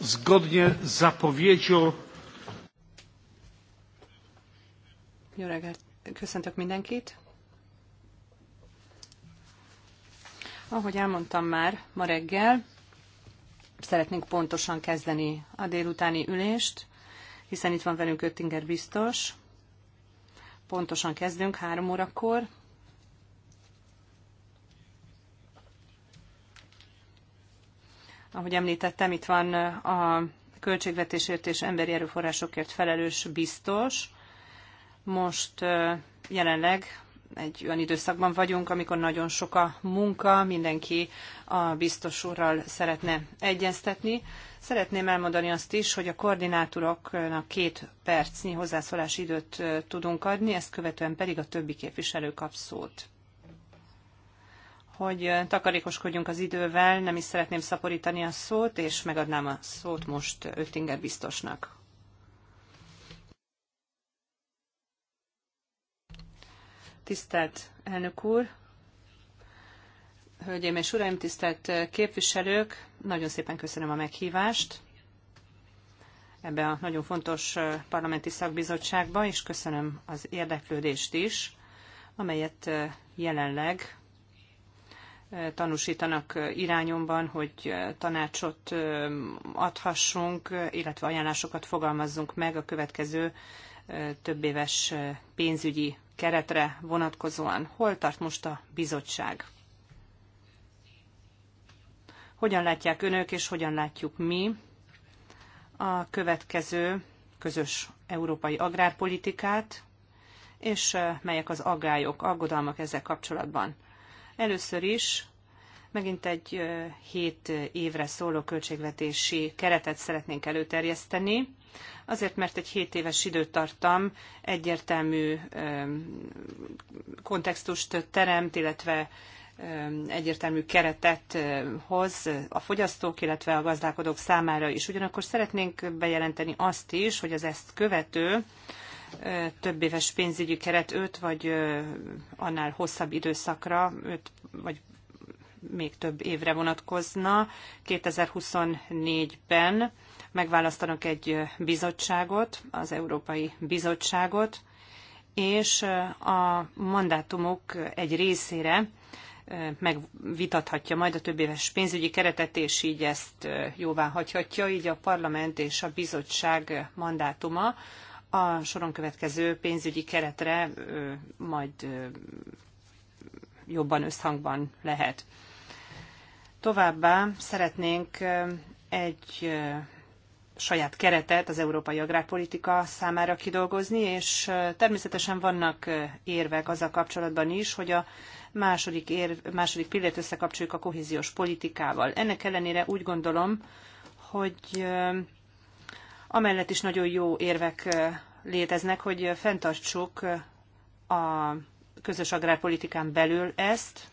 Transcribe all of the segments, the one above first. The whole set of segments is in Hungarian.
Zgodnie z zapowiedzią... Jó reggelt! Köszöntök mindenkit! Ahogy elmondtam már ma reggel, szeretnénk pontosan kezdeni a délutáni ülést, hiszen itt van velünk Öttinger biztos. Pontosan kezdünk három órakor, Ahogy említettem, itt van a költségvetésért és emberi erőforrásokért felelős biztos. Most jelenleg egy olyan időszakban vagyunk, amikor nagyon sok a munka, mindenki a biztos úrral szeretne egyeztetni. Szeretném elmondani azt is, hogy a koordinátoroknak két percnyi hozzászólási időt tudunk adni, ezt követően pedig a többi képviselő kap szót hogy takarékoskodjunk az idővel, nem is szeretném szaporítani a szót, és megadnám a szót most Öttinger biztosnak. Tisztelt elnök úr, hölgyeim és uraim, tisztelt képviselők, nagyon szépen köszönöm a meghívást ebbe a nagyon fontos parlamenti szakbizottságba, és köszönöm az érdeklődést is, amelyet jelenleg tanúsítanak irányomban, hogy tanácsot adhassunk, illetve ajánlásokat fogalmazzunk meg a következő több éves pénzügyi keretre vonatkozóan. Hol tart most a bizottság? Hogyan látják önök, és hogyan látjuk mi a következő közös európai agrárpolitikát, és melyek az aggályok, aggodalmak ezzel kapcsolatban? Először is megint egy 7 évre szóló költségvetési keretet szeretnénk előterjeszteni, azért mert egy 7 éves időtartam egyértelmű kontextust teremt, illetve egyértelmű keretet hoz a fogyasztók, illetve a gazdálkodók számára is. Ugyanakkor szeretnénk bejelenteni azt is, hogy az ezt követő több éves pénzügyi keret 5 vagy annál hosszabb időszakra, 5 vagy még több évre vonatkozna. 2024-ben megválasztanak egy bizottságot, az Európai Bizottságot, és a mandátumok egy részére megvitathatja majd a éves pénzügyi keretet, és így ezt jóvá hagyhatja, így a parlament és a bizottság mandátuma a soron következő pénzügyi keretre majd jobban összhangban lehet. Továbbá szeretnénk egy saját keretet az európai agrárpolitika számára kidolgozni, és természetesen vannak érvek azzal kapcsolatban is, hogy a második, ér, második pillért összekapcsoljuk a kohéziós politikával. Ennek ellenére úgy gondolom, hogy Amellett is nagyon jó érvek léteznek, hogy fenntartsuk a közös agrárpolitikán belül ezt,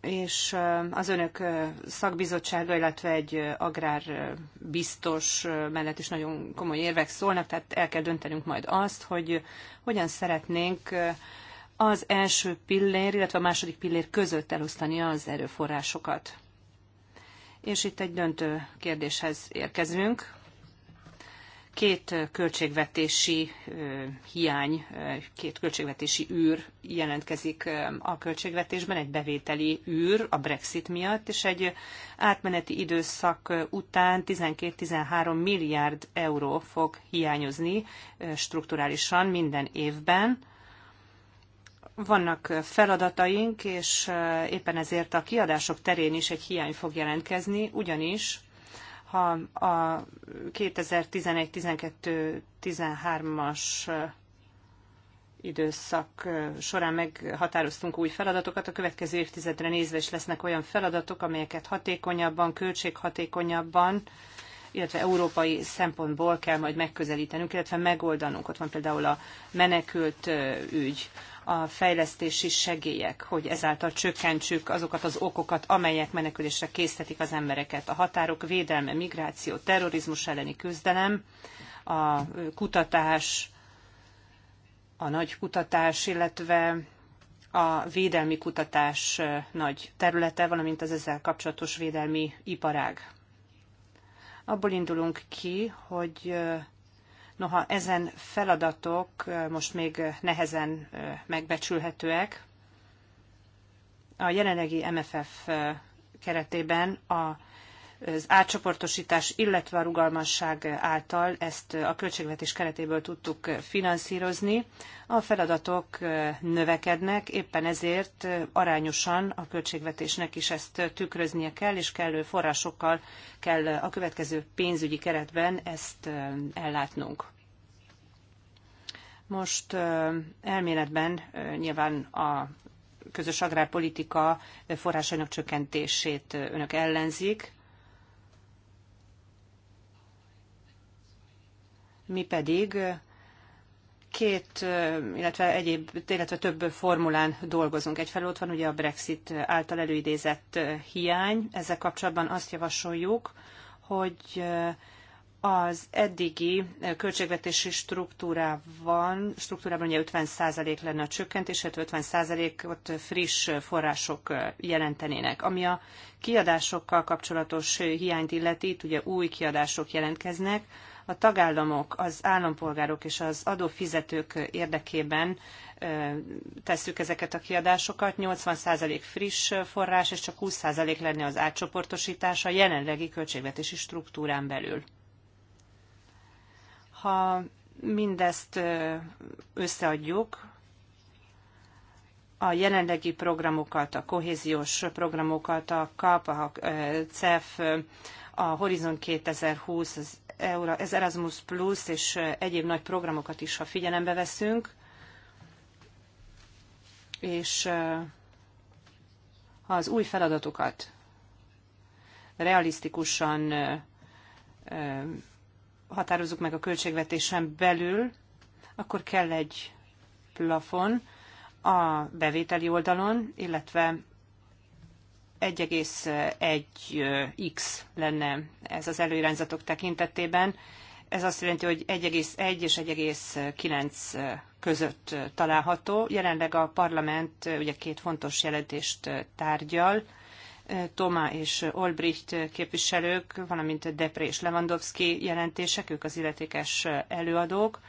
és az önök szakbizottsága, illetve egy agrárbiztos mellett is nagyon komoly érvek szólnak, tehát el kell döntenünk majd azt, hogy hogyan szeretnénk az első pillér, illetve a második pillér között elosztani az erőforrásokat. És itt egy döntő kérdéshez érkezünk. Két költségvetési hiány, két költségvetési űr jelentkezik a költségvetésben, egy bevételi űr a Brexit miatt, és egy átmeneti időszak után 12-13 milliárd euró fog hiányozni strukturálisan minden évben vannak feladataink, és éppen ezért a kiadások terén is egy hiány fog jelentkezni, ugyanis ha a 2011-12-13-as időszak során meghatároztunk új feladatokat, a következő évtizedre nézve is lesznek olyan feladatok, amelyeket hatékonyabban, költséghatékonyabban, illetve európai szempontból kell majd megközelítenünk, illetve megoldanunk. Ott van például a menekült ügy a fejlesztési segélyek, hogy ezáltal csökkentsük azokat az okokat, amelyek menekülésre késztetik az embereket. A határok védelme, migráció, terrorizmus elleni küzdelem, a kutatás, a nagy kutatás, illetve a védelmi kutatás nagy területe, valamint az ezzel kapcsolatos védelmi iparág. Abból indulunk ki, hogy Noha ezen feladatok most még nehezen megbecsülhetőek, a jelenlegi MFF keretében a az átcsoportosítás, illetve a rugalmasság által ezt a költségvetés keretéből tudtuk finanszírozni. A feladatok növekednek, éppen ezért arányosan a költségvetésnek is ezt tükröznie kell, és kellő forrásokkal kell a következő pénzügyi keretben ezt ellátnunk. Most elméletben nyilván a közös agrárpolitika forrásainak csökkentését önök ellenzik, mi pedig két, illetve egyéb, illetve több formulán dolgozunk. Egyfelől ott van ugye a Brexit által előidézett hiány. Ezzel kapcsolatban azt javasoljuk, hogy az eddigi költségvetési struktúrában, struktúrában ugye 50% lenne a csökkentés, 50%-ot friss források jelentenének. Ami a kiadásokkal kapcsolatos hiányt illeti, itt ugye új kiadások jelentkeznek, a tagállamok, az állampolgárok és az adófizetők érdekében tesszük ezeket a kiadásokat. 80% friss forrás, és csak 20% lenne az átcsoportosítás a jelenlegi költségvetési struktúrán belül. Ha mindezt összeadjuk, a jelenlegi programokat, a kohéziós programokat, a KAP, a CEF, a Horizon 2020, az Eura, ez Erasmus Plus és egyéb nagy programokat is, ha figyelembe veszünk, és ha az új feladatokat realisztikusan határozzuk meg a költségvetésen belül, akkor kell egy plafon a bevételi oldalon, illetve 1,1x lenne ez az előirányzatok tekintetében. Ez azt jelenti, hogy 1,1 és 1,9 között található. Jelenleg a parlament ugye két fontos jelentést tárgyal, Toma és Olbricht képviselők, valamint Depré és Lewandowski jelentések, ők az illetékes előadók,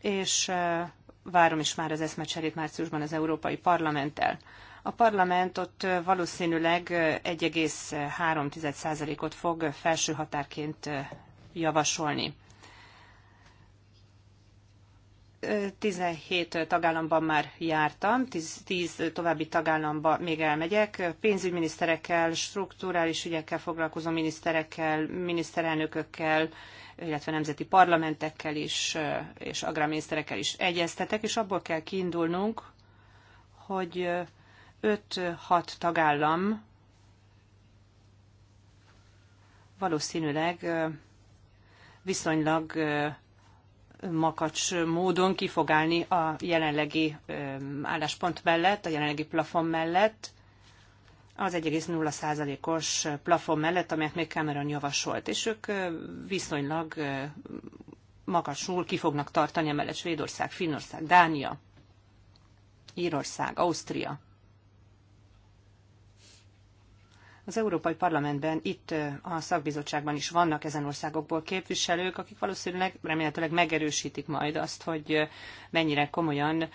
és várom is már az eszmecserét márciusban az Európai Parlamenttel. A parlament ott valószínűleg 1,3%-ot fog felső határként javasolni. 17 tagállamban már jártam, 10, további tagállamba még elmegyek. Pénzügyminiszterekkel, strukturális ügyekkel foglalkozó miniszterekkel, miniszterelnökökkel, illetve nemzeti parlamentekkel is, és agrárminiszterekkel is egyeztetek, és abból kell kiindulnunk, hogy 5-6 tagállam valószínűleg viszonylag makacs módon kifogálni a jelenlegi álláspont mellett, a jelenlegi plafon mellett, az 1,0%-os plafon mellett, amelyet még Cameron javasolt, és ők viszonylag makacsul ki fognak tartani, emellett Svédország, Finnország, Dánia, Írország, Ausztria. Az Európai Parlamentben, itt a szakbizottságban is vannak ezen országokból képviselők, akik valószínűleg remélhetőleg megerősítik majd azt, hogy mennyire komolyan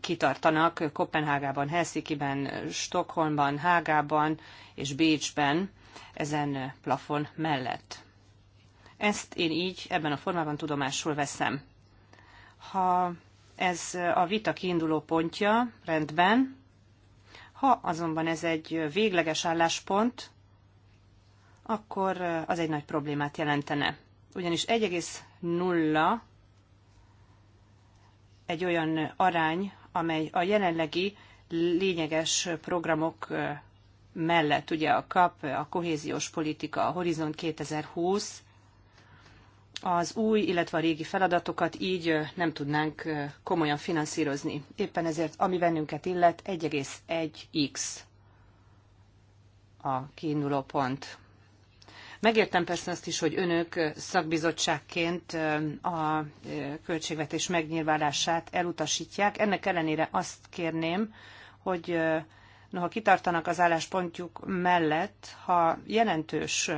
kitartanak Kopenhágában, Helsinki-ben, Stockholmban, Hágában és Bécsben ezen plafon mellett. Ezt én így ebben a formában tudomásul veszem. Ha ez a vita kiinduló pontja, rendben, ha azonban ez egy végleges álláspont, akkor az egy nagy problémát jelentene. Ugyanis 1,0 egy olyan arány, amely a jelenlegi lényeges programok mellett, ugye a KAP, a kohéziós politika, a Horizont 2020, az új, illetve a régi feladatokat így nem tudnánk komolyan finanszírozni. Éppen ezért, ami bennünket illet, 1,1x a kiinduló pont. Megértem persze azt is, hogy önök szakbizottságként a költségvetés megnyilvánulását elutasítják. Ennek ellenére azt kérném, hogy noha kitartanak az álláspontjuk mellett, ha jelentős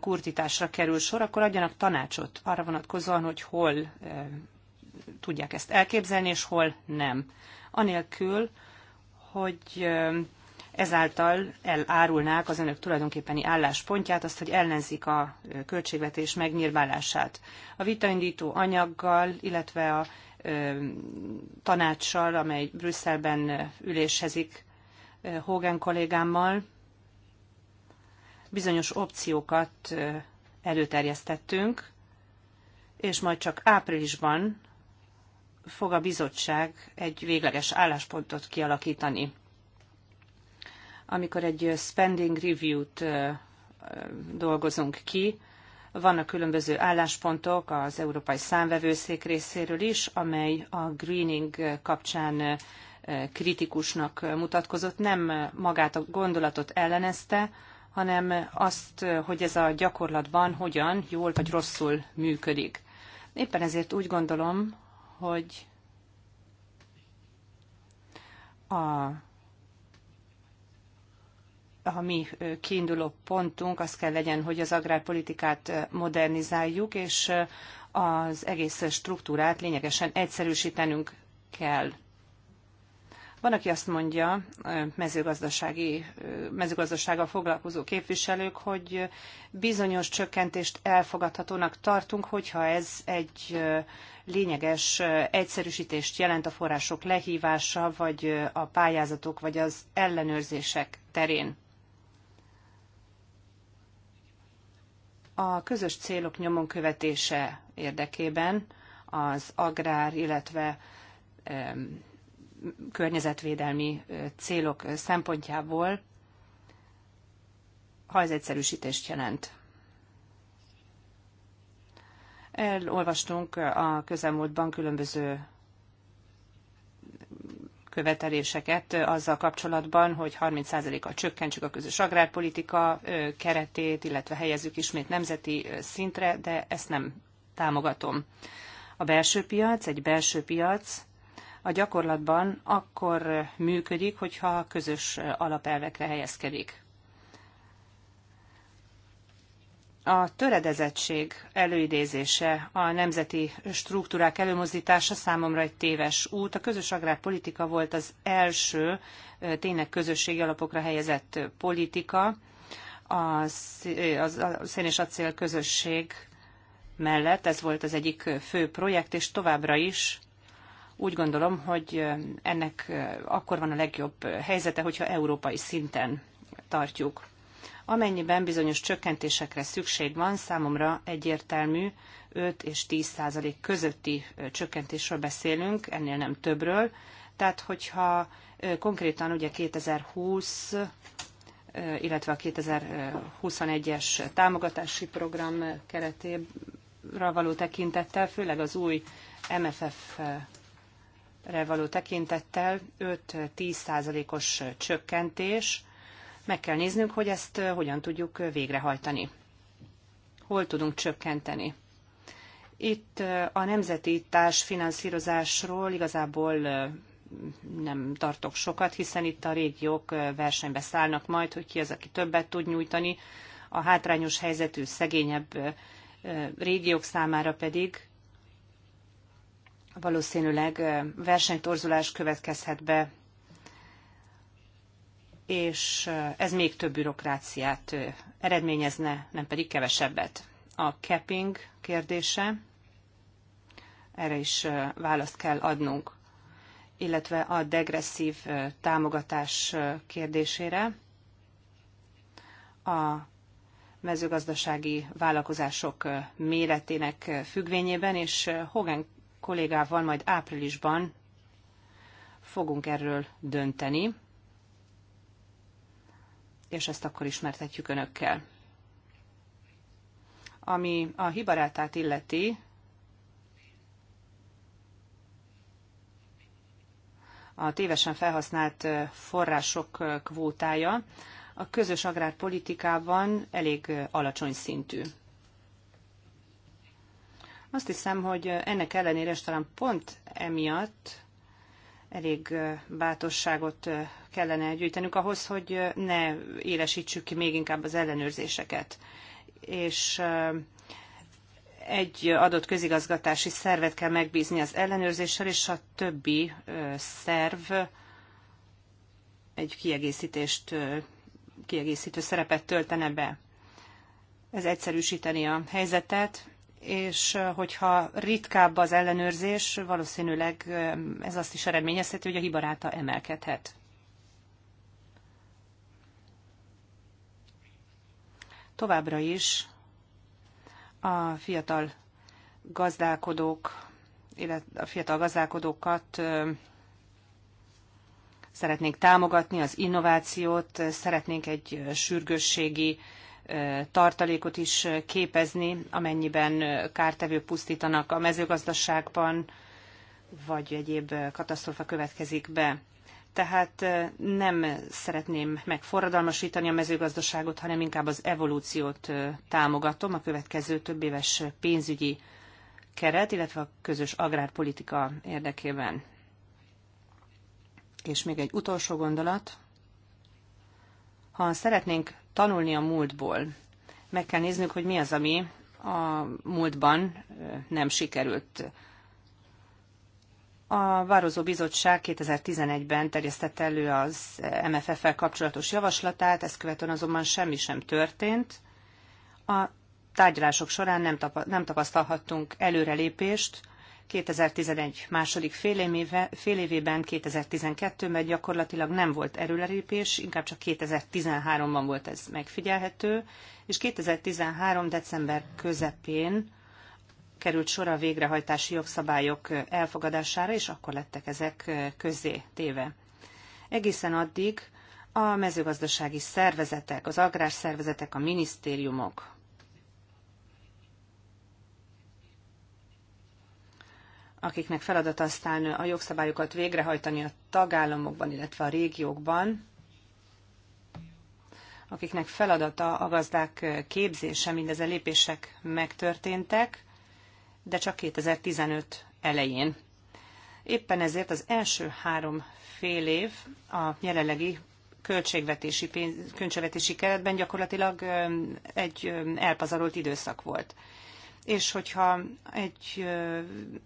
kurtításra kerül sor, akkor adjanak tanácsot arra vonatkozóan, hogy hol tudják ezt elképzelni, és hol nem. Anélkül, hogy ezáltal elárulnák az önök tulajdonképpeni álláspontját, azt, hogy ellenzik a költségvetés megnyírválását. A vitaindító anyaggal, illetve a tanácssal, amely Brüsszelben ülésezik, Hogan kollégámmal bizonyos opciókat előterjesztettünk, és majd csak áprilisban fog a bizottság egy végleges álláspontot kialakítani. Amikor egy spending review-t dolgozunk ki, vannak különböző álláspontok az Európai Számvevőszék részéről is, amely a greening kapcsán kritikusnak mutatkozott, nem magát a gondolatot ellenezte, hanem azt, hogy ez a gyakorlatban hogyan, jól vagy rosszul működik. Éppen ezért úgy gondolom, hogy a, a mi kiinduló pontunk az kell legyen, hogy az agrárpolitikát modernizáljuk, és az egész struktúrát lényegesen egyszerűsítenünk kell. Van, aki azt mondja, mezőgazdasági, mezőgazdasággal foglalkozó képviselők, hogy bizonyos csökkentést elfogadhatónak tartunk, hogyha ez egy lényeges egyszerűsítést jelent a források lehívása, vagy a pályázatok, vagy az ellenőrzések terén. A közös célok nyomon követése érdekében az agrár, illetve környezetvédelmi célok szempontjából, ha ez egyszerűsítést jelent. Elolvastunk a közelmúltban különböző követeléseket azzal kapcsolatban, hogy 30%-kal csökkentsük a közös agrárpolitika keretét, illetve helyezzük ismét nemzeti szintre, de ezt nem támogatom. A belső piac, egy belső piac, a gyakorlatban akkor működik, hogyha közös alapelvekre helyezkedik. A töredezettség előidézése, a nemzeti struktúrák előmozdítása számomra egy téves út. A közös agrárpolitika volt az első tényleg közösségi alapokra helyezett politika. A, az, a szén és acél közösség mellett ez volt az egyik fő projekt, és továbbra is úgy gondolom, hogy ennek akkor van a legjobb helyzete, hogyha európai szinten tartjuk. Amennyiben bizonyos csökkentésekre szükség van, számomra egyértelmű 5 és 10 százalék közötti csökkentésről beszélünk, ennél nem többről. Tehát, hogyha konkrétan ugye 2020 illetve a 2021-es támogatási program keretébra való tekintettel, főleg az új MFF való tekintettel 5-10 százalékos csökkentés. Meg kell néznünk, hogy ezt eh, hogyan tudjuk eh, végrehajtani. Hol tudunk csökkenteni? Itt eh, a nemzeti társfinanszírozásról igazából nem tartok sokat, hiszen itt a régiók versenybe szállnak majd, hogy ki az, aki többet tud nyújtani. A hátrányos helyzetű, szegényebb régiók számára pedig valószínűleg versenytorzulás következhet be, és ez még több bürokráciát eredményezne, nem pedig kevesebbet. A capping kérdése, erre is választ kell adnunk, illetve a degresszív támogatás kérdésére. A mezőgazdasági vállalkozások méretének függvényében, és Hogan kollégával majd áprilisban fogunk erről dönteni, és ezt akkor ismertetjük önökkel. Ami a hibarátát illeti, a tévesen felhasznált források kvótája a közös agrárpolitikában elég alacsony szintű. Azt hiszem, hogy ennek ellenére, és talán pont emiatt elég bátorságot kellene gyűjtenünk ahhoz, hogy ne élesítsük ki még inkább az ellenőrzéseket. És egy adott közigazgatási szervet kell megbízni az ellenőrzéssel, és a többi szerv egy kiegészítést, kiegészítő szerepet töltene be. Ez egyszerűsíteni a helyzetet, és hogyha ritkább az ellenőrzés, valószínűleg ez azt is eredményezheti, hogy a hibaráta emelkedhet. Továbbra is a fiatal gazdálkodók, illetve a fiatal gazdálkodókat szeretnénk támogatni, az innovációt, szeretnénk egy sürgősségi tartalékot is képezni, amennyiben kártevők pusztítanak a mezőgazdaságban, vagy egyéb katasztrófa következik be. Tehát nem szeretném megforradalmasítani a mezőgazdaságot, hanem inkább az evolúciót támogatom a következő több éves pénzügyi keret, illetve a közös agrárpolitika érdekében. És még egy utolsó gondolat. Ha szeretnénk tanulni a múltból. Meg kell néznünk, hogy mi az, ami a múltban nem sikerült. A Vározó Bizottság 2011-ben terjesztett elő az MFF-fel kapcsolatos javaslatát, ezt követően azonban semmi sem történt. A tárgyalások során nem, tapa- nem tapasztalhattunk előrelépést, 2011 második fél, éve, fél évében, 2012-ben gyakorlatilag nem volt erőlerépés, inkább csak 2013-ban volt ez megfigyelhető, és 2013. december közepén került sor a végrehajtási jogszabályok elfogadására, és akkor lettek ezek közzé téve. Egészen addig a mezőgazdasági szervezetek, az agrárszervezetek, a minisztériumok, akiknek feladat aztán a jogszabályokat végrehajtani a tagállamokban, illetve a régiókban, akiknek feladata a gazdák képzése, a lépések megtörténtek, de csak 2015 elején. Éppen ezért az első három fél év a jelenlegi költségvetési, pénz, költségvetési keretben gyakorlatilag egy elpazarolt időszak volt és hogyha egy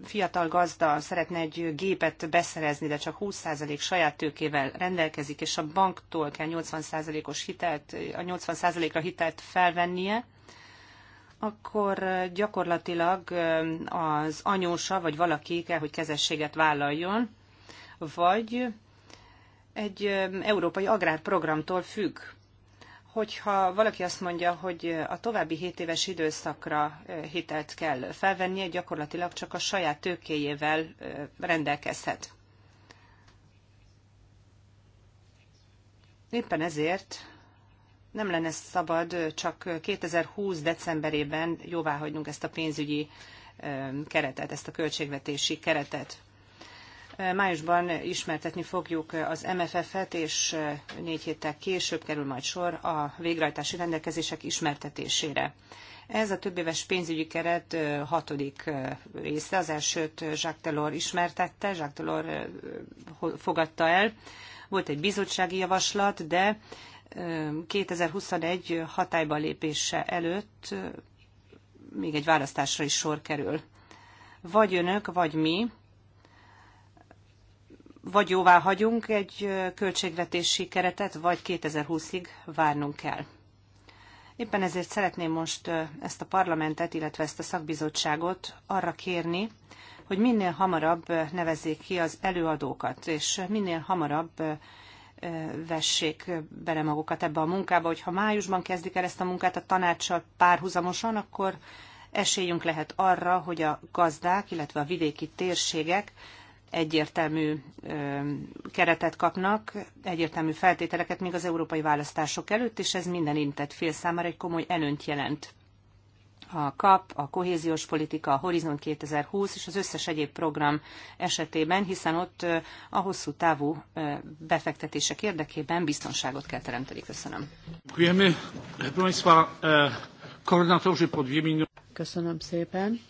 fiatal gazda szeretne egy gépet beszerezni, de csak 20% saját tőkével rendelkezik, és a banktól kell 80%-os hitelt, a 80%-ra hitelt felvennie, akkor gyakorlatilag az anyósa vagy valaki kell, hogy kezességet vállaljon, vagy egy európai agrárprogramtól függ hogyha valaki azt mondja, hogy a további 7 éves időszakra hitelt kell felvennie, gyakorlatilag csak a saját tőkéjével rendelkezhet. Éppen ezért nem lenne szabad csak 2020. decemberében jóváhagynunk ezt a pénzügyi keretet, ezt a költségvetési keretet. Májusban ismertetni fogjuk az MFF-et, és négy héttel később kerül majd sor a végrehajtási rendelkezések ismertetésére. Ez a többéves pénzügyi keret hatodik része, az elsőt Jacques Delors ismertette, Jacques Delors fogadta el. Volt egy bizottsági javaslat, de 2021 hatályba lépése előtt még egy választásra is sor kerül. Vagy önök, vagy mi vagy jóvá hagyunk egy költségvetési keretet, vagy 2020-ig várnunk kell. Éppen ezért szeretném most ezt a parlamentet, illetve ezt a szakbizottságot arra kérni, hogy minél hamarabb nevezzék ki az előadókat, és minél hamarabb vessék bele magukat ebbe a munkába, hogyha májusban kezdik el ezt a munkát a tanácssal párhuzamosan, akkor esélyünk lehet arra, hogy a gazdák, illetve a vidéki térségek egyértelmű keretet kapnak, egyértelmű feltételeket még az európai választások előtt, és ez minden intett fél számára egy komoly előnyt jelent. A KAP, a kohéziós politika, a Horizon 2020 és az összes egyéb program esetében, hiszen ott a hosszú távú befektetések érdekében biztonságot kell teremteni. Köszönöm. E, Köszönöm szépen.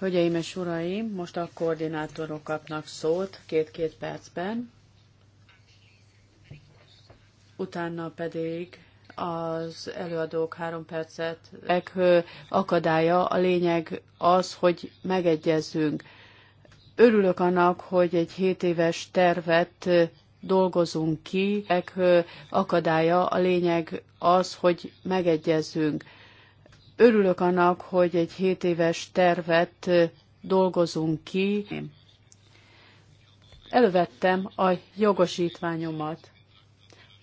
Hölgyeim és uraim, most a koordinátorok kapnak szót két-két percben, utána pedig az előadók három percet. Akadálya a lényeg az, hogy megegyezzünk. Örülök annak, hogy egy hét éves tervet dolgozunk ki. Akadálya a lényeg az, hogy megegyezzünk. Örülök annak, hogy egy 7 éves tervet dolgozunk ki. Elővettem a jogosítványomat.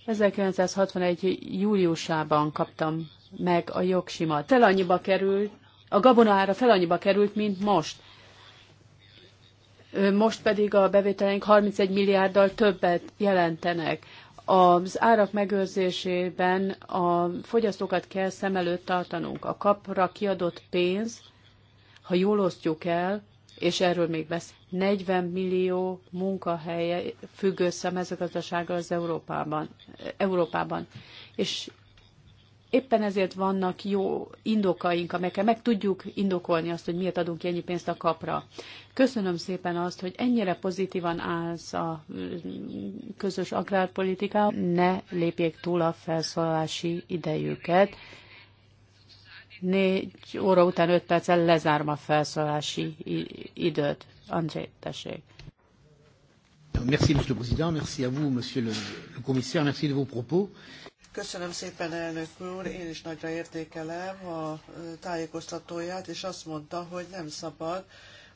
1961. júliusában kaptam meg a jogsimat. Fel annyiba került, a gabonára fel annyiba került, mint most. Most pedig a bevételeink 31 milliárddal többet jelentenek az árak megőrzésében a fogyasztókat kell szem előtt tartanunk. A kapra kiadott pénz, ha jól osztjuk el, és erről még vesz 40 millió munkahelye függ össze a mezőgazdasággal az Európában, Európában. És Éppen ezért vannak jó indokaink, amelyekkel meg tudjuk indokolni azt, hogy miért adunk ki ennyi pénzt a kapra. Köszönöm szépen azt, hogy ennyire pozitívan állsz a mm, közös agrárpolitiká. Ne lépjék túl a felszólalási idejüket. Négy óra után öt perccel lezárom a felszólalási időt. André, tessék. Merci, Monsieur le Président. Merci à vous, Monsieur le, le Commissaire. Merci de vos propos. Köszönöm szépen, elnök úr. Én is nagyra értékelem a tájékoztatóját, és azt mondta, hogy nem szabad,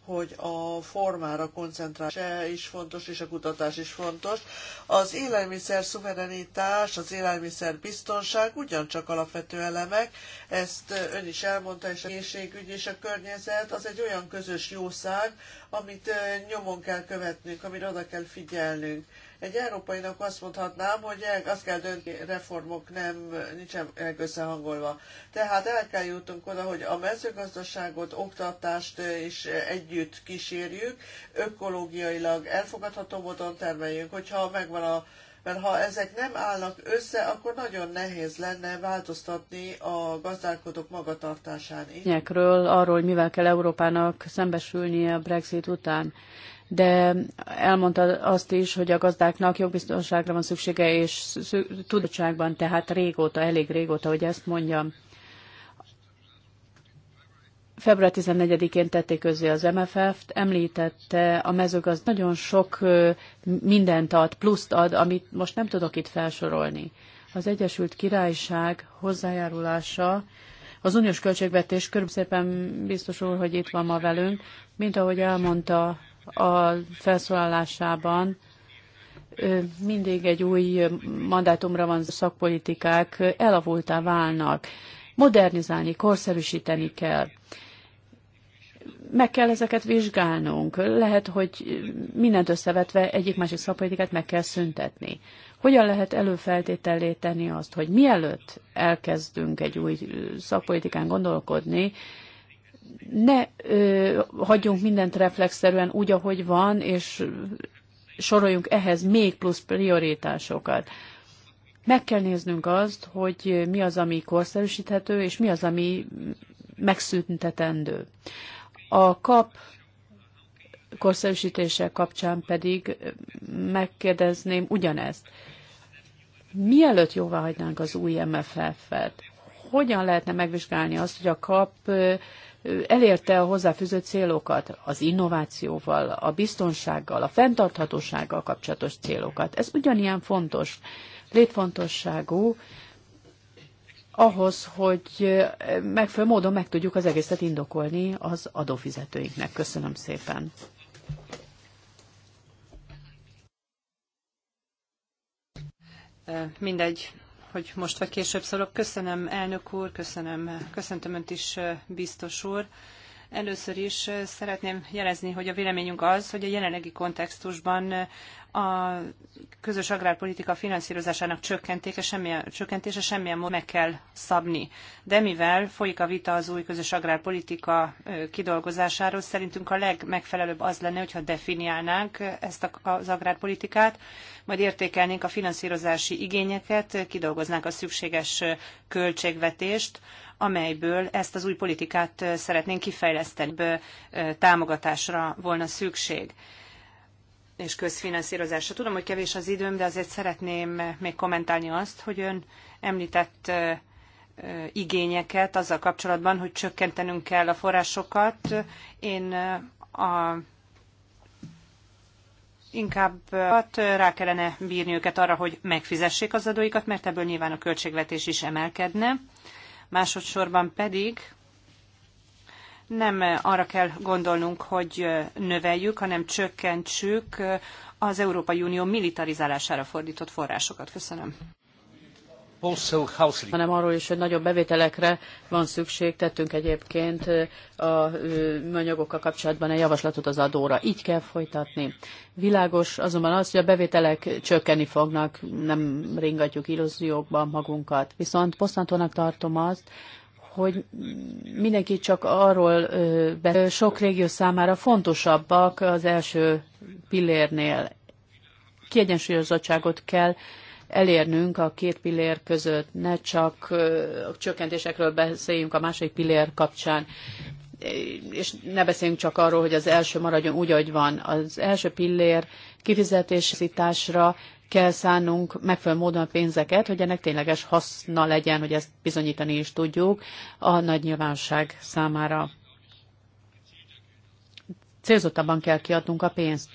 hogy a formára koncentrálás is fontos, és a kutatás is fontos. Az élelmiszer szuverenitás, az élelmiszer biztonság ugyancsak alapvető elemek, ezt ön is elmondta, és a készségügy és a környezet az egy olyan közös jószág, amit nyomon kell követnünk, amire oda kell figyelnünk egy európainak azt mondhatnám, hogy el, azt kell dönteni, reformok nem, nincsenek összehangolva. Tehát el kell jutnunk oda, hogy a mezőgazdaságot, oktatást is együtt kísérjük, ökológiailag elfogadható módon termeljünk, hogyha megvan a mert ha ezek nem állnak össze, akkor nagyon nehéz lenne változtatni a gazdálkodók magatartásán. Nyekről, arról, hogy mivel kell Európának szembesülnie a Brexit után de elmondta azt is, hogy a gazdáknak jogbiztonságra van szüksége, és tudatságban, tehát régóta, elég régóta, hogy ezt mondjam. Február 14-én tették közé az MFF-t, említette a mezőgazd nagyon sok mindent ad, pluszt ad, amit most nem tudok itt felsorolni. Az Egyesült Királyság hozzájárulása az uniós költségvetés, körülbelül biztos úr, hogy itt van ma velünk, mint ahogy elmondta a felszólalásában mindig egy új mandátumra van szakpolitikák, elavultá válnak. Modernizálni, korszerűsíteni kell. Meg kell ezeket vizsgálnunk. Lehet, hogy mindent összevetve egyik-másik szakpolitikát meg kell szüntetni. Hogyan lehet előfeltétellé tenni azt, hogy mielőtt elkezdünk egy új szakpolitikán gondolkodni, ne ö, hagyjunk mindent reflexzerűen úgy, ahogy van, és soroljunk ehhez még plusz prioritásokat. Meg kell néznünk azt, hogy mi az, ami korszerűsíthető, és mi az, ami megszüntetendő. A kap korszerűsítése kapcsán pedig megkérdezném ugyanezt. Mielőtt jóvá hagynánk az új MFF-et, hogyan lehetne megvizsgálni azt, hogy a kap elérte a hozzáfűzött célokat, az innovációval, a biztonsággal, a fenntarthatósággal kapcsolatos célokat. Ez ugyanilyen fontos, létfontosságú ahhoz, hogy megfelelő módon meg tudjuk az egészet indokolni az adófizetőinknek. Köszönöm szépen. Mindegy, hogy most vagy később szólok. Köszönöm, elnök úr, köszönöm, köszöntöm önt is, eh, biztos úr. Először is eh, szeretném jelezni, hogy a véleményünk az, hogy a jelenlegi kontextusban eh, a közös agrárpolitika finanszírozásának csökkentése semmilyen, csökkentése semmilyen módon meg kell szabni. De mivel folyik a vita az új közös agrárpolitika kidolgozásáról, szerintünk a legmegfelelőbb az lenne, hogyha definiálnánk ezt az agrárpolitikát, majd értékelnénk a finanszírozási igényeket, kidolgoznánk a szükséges költségvetést, amelyből ezt az új politikát szeretnénk kifejleszteni, támogatásra volna szükség és közfinanszírozása. Tudom, hogy kevés az időm, de azért szeretném még kommentálni azt, hogy ön említett igényeket azzal kapcsolatban, hogy csökkentenünk kell a forrásokat. Én a inkább hát, rá kellene bírni őket arra, hogy megfizessék az adóikat, mert ebből nyilván a költségvetés is emelkedne. Másodszorban pedig nem eh, arra kell gondolnunk, hogy eh, növeljük, hanem csökkentsük eh, az Európai Unió militarizálására fordított forrásokat. Köszönöm. Hanem arról is, hogy nagyobb bevételekre van szükség. Tettünk egyébként a műanyagokkal kapcsolatban egy javaslatot az adóra. Így kell folytatni. Világos azonban az, hogy a bevételek csökkenni fognak, nem ringatjuk illúziókban magunkat. Viszont bosszantónak tartom azt, hogy mindenki csak arról beszél, sok régió számára fontosabbak az első pillérnél. Kiegyensúlyozottságot kell elérnünk a két pillér között, ne csak a csökkentésekről beszéljünk a második pillér kapcsán, és ne beszéljünk csak arról, hogy az első maradjon úgy, ahogy van. Az első pillér kifizetészításra kell szánnunk megfelelő módon a pénzeket, hogy ennek tényleges haszna legyen, hogy ezt bizonyítani is tudjuk a nagy nyilvánosság számára. Célzottabban kell kiadnunk a pénzt.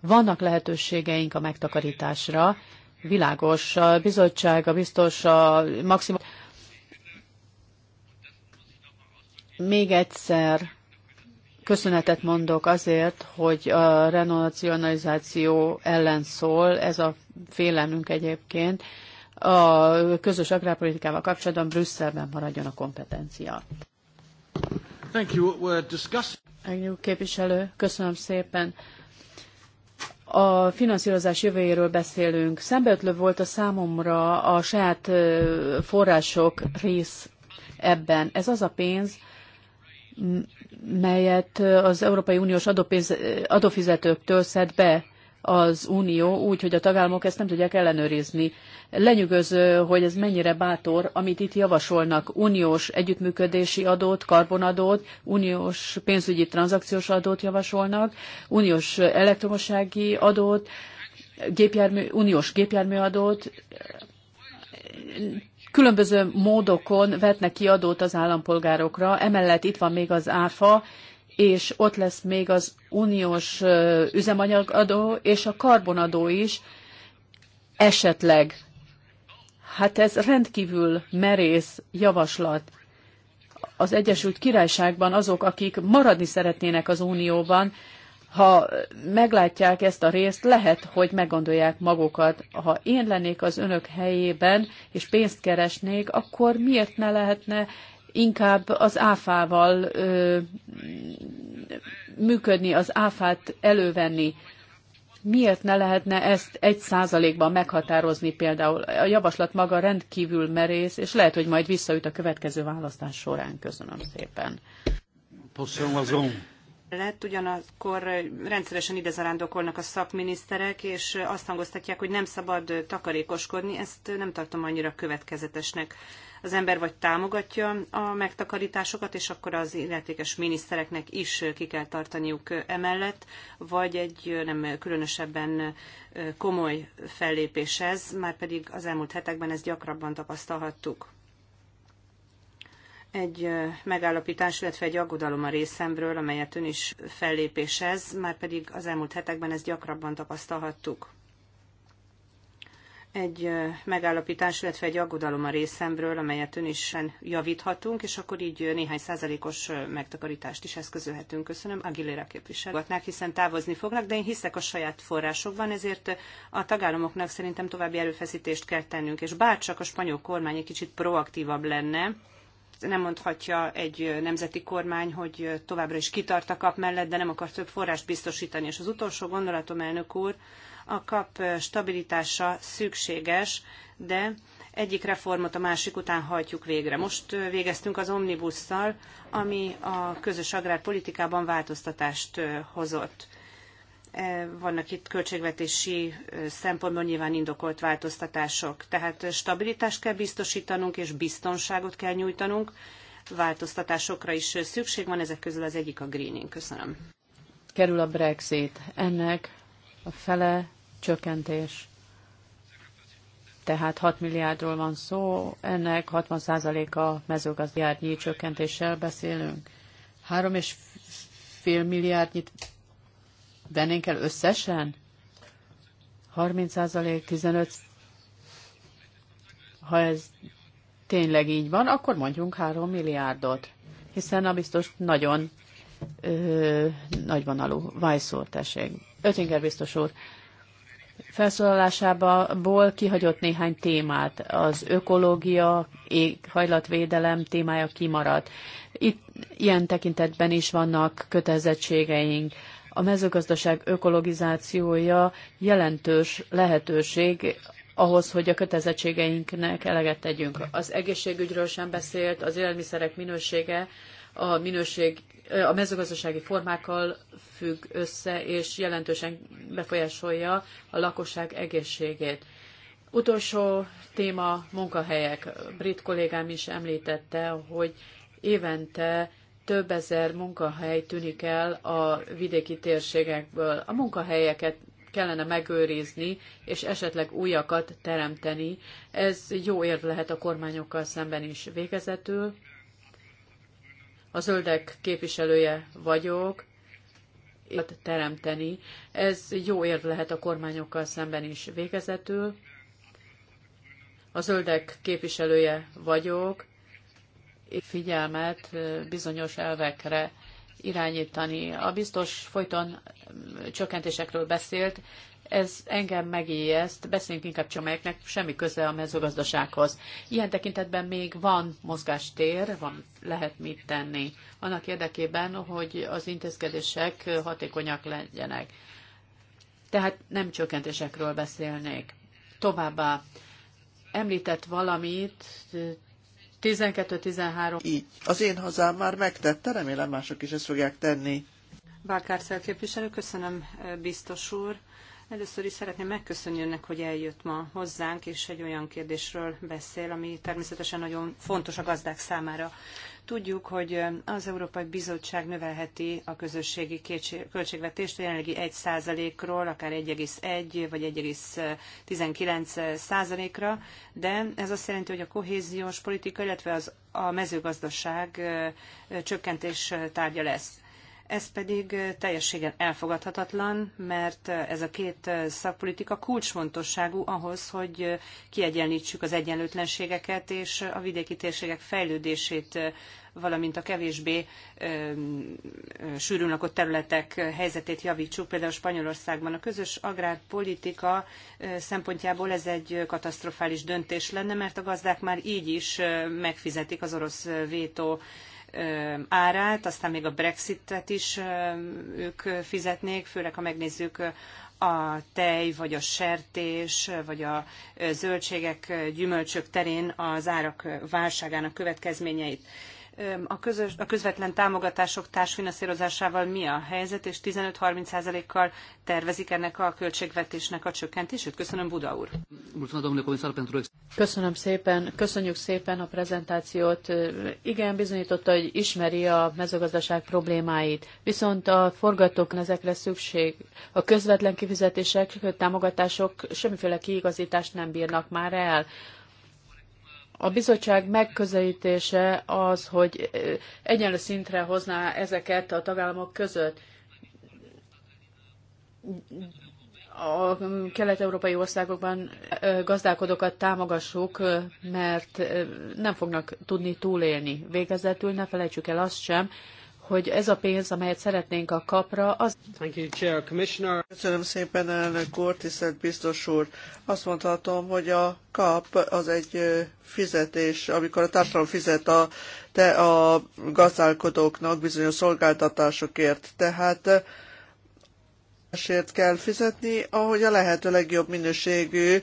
Vannak lehetőségeink a megtakarításra, világos, a bizottság, a biztos, a maximum. Még egyszer köszönetet mondok azért, hogy a renacionalizáció ellen szól, ez a félelmünk egyébként, a közös agrárpolitikával kapcsolatban Brüsszelben maradjon a kompetencia. Thank you. We're discussing... Egnyú képviselő, köszönöm szépen. A finanszírozás jövőjéről beszélünk. Szembeötlő volt a számomra a saját források rész ebben. Ez az a pénz, melyet az Európai Uniós adópénz, adófizetőktől szed be az Unió, úgy, hogy a tagállamok ezt nem tudják ellenőrizni. Lenyűgöző, hogy ez mennyire bátor, amit itt javasolnak. Uniós együttműködési adót, karbonadót, uniós pénzügyi tranzakciós adót javasolnak, uniós elektromossági adót, gépjármű, uniós gépjárműadót, különböző módokon vetnek ki adót az állampolgárokra, emellett itt van még az áfa, és ott lesz még az uniós üzemanyagadó és a karbonadó is esetleg. Hát ez rendkívül merész javaslat. Az Egyesült Királyságban azok, akik maradni szeretnének az Unióban, ha meglátják ezt a részt, lehet, hogy meggondolják magukat. Ha én lennék az önök helyében, és pénzt keresnék, akkor miért ne lehetne inkább az áfával ö, működni, az áfát elővenni. Miért ne lehetne ezt egy százalékban meghatározni például? A javaslat maga rendkívül merész, és lehet, hogy majd visszaüt a következő választás során. Köszönöm szépen. Köszönöm mellett ugyanakkor rendszeresen ide zarándokolnak a szakminiszterek, és azt hangoztatják, hogy nem szabad takarékoskodni, ezt nem tartom annyira következetesnek. Az ember vagy támogatja a megtakarításokat, és akkor az illetékes minisztereknek is ki kell tartaniuk emellett, vagy egy nem különösebben komoly fellépéshez, már pedig az elmúlt hetekben ezt gyakrabban tapasztalhattuk egy megállapítás, illetve egy aggodalom a részemről, amelyet ön is fellépéshez, már pedig az elmúlt hetekben ezt gyakrabban tapasztalhattuk. Egy megállapítás, illetve egy aggodalom a részemről, amelyet ön is javíthatunk, és akkor így néhány százalékos megtakarítást is eszközölhetünk. Köszönöm, Aguilera képviselőknek, hiszen távozni fognak, de én hiszek a saját forrásokban, ezért a tagállamoknak szerintem további erőfeszítést kell tennünk, és bárcsak a spanyol kormány egy kicsit proaktívabb lenne, nem mondhatja egy nemzeti kormány, hogy továbbra is kitart a kap mellett, de nem akar több forrást biztosítani. És az utolsó gondolatom, elnök úr, a kap stabilitása szükséges, de egyik reformot a másik után hajtjuk végre. Most végeztünk az omnibusszal, ami a közös agrárpolitikában változtatást hozott E, vannak itt költségvetési e, szempontból nyilván indokolt változtatások. Tehát stabilitást kell biztosítanunk, és biztonságot kell nyújtanunk. Változtatásokra is szükség van, ezek közül az egyik a greening. Köszönöm. Kerül a Brexit. Ennek a fele csökkentés. Tehát 6 milliárdról van szó, ennek 60%-a mezőgazdjárnyi csökkentéssel beszélünk. 3,5 milliárdnyit vennénk el összesen? 30 százalék, 15 ha ez tényleg így van, akkor mondjunk 3 milliárdot, hiszen a biztos nagyon ö, nagyvonalú Weissúr, tessék. Ötinger biztos úr, felszólalásából kihagyott néhány témát. Az ökológia, éghajlatvédelem témája kimaradt. Itt ilyen tekintetben is vannak kötelezettségeink. A mezőgazdaság ökologizációja jelentős lehetőség ahhoz, hogy a kötelezettségeinknek eleget tegyünk. Az egészségügyről sem beszélt, az élelmiszerek minősége, a, minőség, a mezőgazdasági formákkal függ össze, és jelentősen befolyásolja a lakosság egészségét. Utolsó téma munkahelyek. Brit kollégám is említette, hogy évente több ezer munkahely tűnik el a vidéki térségekből. A munkahelyeket kellene megőrizni, és esetleg újakat teremteni. Ez jó érv lehet a kormányokkal szemben is végezetül. A zöldek képviselője vagyok, teremteni. Ez jó érv lehet a kormányokkal szemben is végezetül. A zöldek képviselője vagyok, figyelmet bizonyos elvekre irányítani. A biztos folyton csökkentésekről beszélt, ez engem megijeszt, beszéljünk inkább csomagoknak, semmi köze a mezőgazdasághoz. Ilyen tekintetben még van mozgástér, van, lehet mit tenni. Annak érdekében, hogy az intézkedések hatékonyak legyenek. Tehát nem csökkentésekről beszélnék. Továbbá említett valamit, 12-13. Így. Az én hazám már megtette, remélem mások is ezt fogják tenni. Bálkárcel képviselő, köszönöm biztos úr. Először is szeretném megköszönni önnek, hogy eljött ma hozzánk, és egy olyan kérdésről beszél, ami természetesen nagyon fontos a gazdák számára. Tudjuk, hogy az Európai Bizottság növelheti a közösségi költségvetést a jelenlegi 1%-ról, akár 1,1 vagy 1,19%-ra, de ez azt jelenti, hogy a kohéziós politika, illetve az, a mezőgazdaság csökkentés tárgya lesz. Ez pedig teljességen elfogadhatatlan, mert ez a két szakpolitika kulcsfontosságú ahhoz, hogy kiegyenlítsük az egyenlőtlenségeket és a vidéki térségek fejlődését, valamint a kevésbé sűrűn lakott területek helyzetét javítsuk. Például Spanyolországban a közös agrárpolitika szempontjából ez egy katasztrofális döntés lenne, mert a gazdák már így is megfizetik az orosz vétó árát, aztán még a Brexitet is ők fizetnék, főleg ha megnézzük a tej, vagy a sertés, vagy a zöldségek, gyümölcsök terén az árak válságának következményeit a, közös, a közvetlen támogatások társfinanszírozásával mi a helyzet, és 15-30%-kal tervezik ennek a költségvetésnek a csökkentését? Köszönöm, Buda úr. Köszönöm szépen, köszönjük szépen a prezentációt. Igen, bizonyította, hogy ismeri a mezőgazdaság problémáit, viszont a forgatók ezekre szükség. A közvetlen kifizetések, támogatások semmiféle kiigazítást nem bírnak már el. A bizottság megközelítése az, hogy egyenlő szintre hozná ezeket a tagállamok között. A kelet-európai országokban gazdálkodókat támogassuk, mert nem fognak tudni túlélni. Végezetül ne felejtsük el azt sem, hogy ez a pénz, amelyet szeretnénk a kapra, az... Thank you, Chair, Commissioner. Köszönöm szépen, elnök úr, tisztelt biztos úr. Azt mondhatom, hogy a kap az egy fizetés, amikor a társadalom fizet a, te a gazdálkodóknak bizonyos szolgáltatásokért. Tehát Sért kell fizetni, ahogy a lehető legjobb minőségű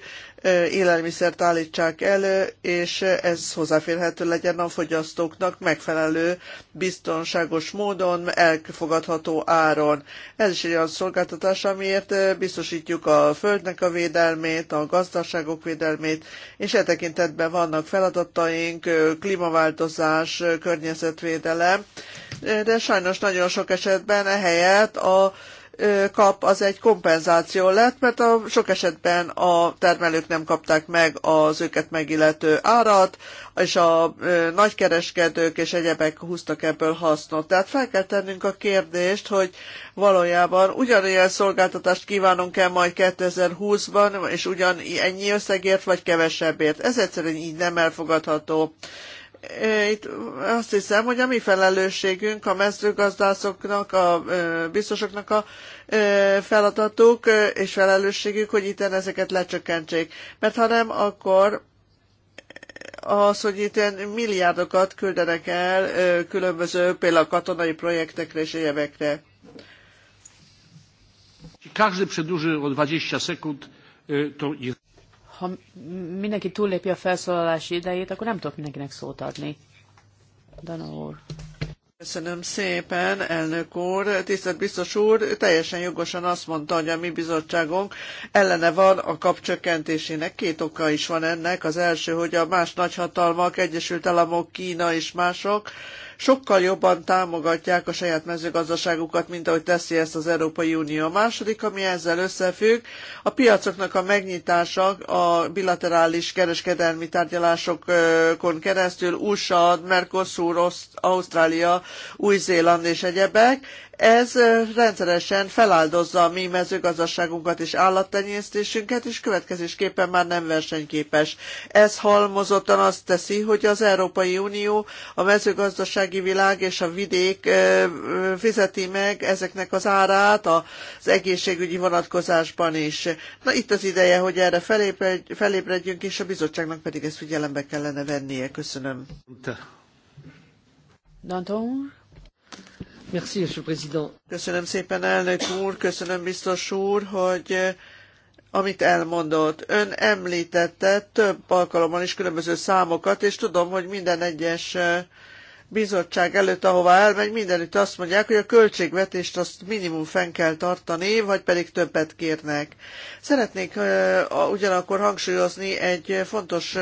élelmiszert állítsák elő, és ez hozzáférhető legyen a fogyasztóknak megfelelő, biztonságos módon, elfogadható áron. Ez is egy olyan szolgáltatás, amiért biztosítjuk a földnek a védelmét, a gazdaságok védelmét, és e tekintetben vannak feladataink, klímaváltozás, környezetvédelem, de sajnos nagyon sok esetben ehelyett a kap, az egy kompenzáció lett, mert a, sok esetben a termelők nem kapták meg az őket megillető árat, és a ö, nagykereskedők és egyebek húztak ebből hasznot. Tehát fel kell tennünk a kérdést, hogy valójában ugyanilyen szolgáltatást kívánunk-e majd 2020-ban, és ugyan ennyi összegért, vagy kevesebbért. Ez egyszerűen így nem elfogadható. Eh, itt azt hiszem, hogy a mi felelősségünk a mezőgazdászoknak, a eh, biztosoknak a eh, feladatuk és felelősségük, hogy itten ezeket lecsökkentsék. Mert ha nem, akkor az, hogy itt milliárdokat küldenek el különböző például katonai projektekre és egyebekre. Każdy przedłuży o 20 sekund, to jest ha mindenki túllépi a felszólalási idejét, akkor nem tudok mindenkinek szót adni. Dana úr. Köszönöm szépen, elnök úr. Tisztelt biztos úr, teljesen jogosan azt mondta, hogy a mi bizottságunk ellene van a kapcsökkentésének. Két oka is van ennek. Az első, hogy a más nagyhatalmak, Egyesült Államok, Kína és mások sokkal jobban támogatják a saját mezőgazdaságukat, mint ahogy teszi ezt az Európai Unió. A második, ami ezzel összefügg, a piacoknak a megnyitása a bilaterális kereskedelmi tárgyalásokon keresztül USA, Mercosur, Ausztrália, Új-Zéland és egyebek. Ez rendszeresen feláldozza a mi mezőgazdaságunkat és állattenyésztésünket, és következésképpen már nem versenyképes. Ez halmozottan azt teszi, hogy az Európai Unió, a mezőgazdasági világ és a vidék fizeti meg ezeknek az árát az egészségügyi vonatkozásban is. Na itt az ideje, hogy erre felébredjünk, és a bizottságnak pedig ezt figyelembe kellene vennie. Köszönöm. Danton. Köszönöm szépen, elnök úr, köszönöm biztos úr, hogy eh, amit elmondott. Ön említette több alkalommal is különböző számokat, és tudom, hogy minden egyes eh, bizottság előtt, ahova elmegy, mindenütt azt mondják, hogy a költségvetést azt minimum fenn kell tartani, vagy pedig többet kérnek. Szeretnék ugyanakkor hangsúlyozni egy fontos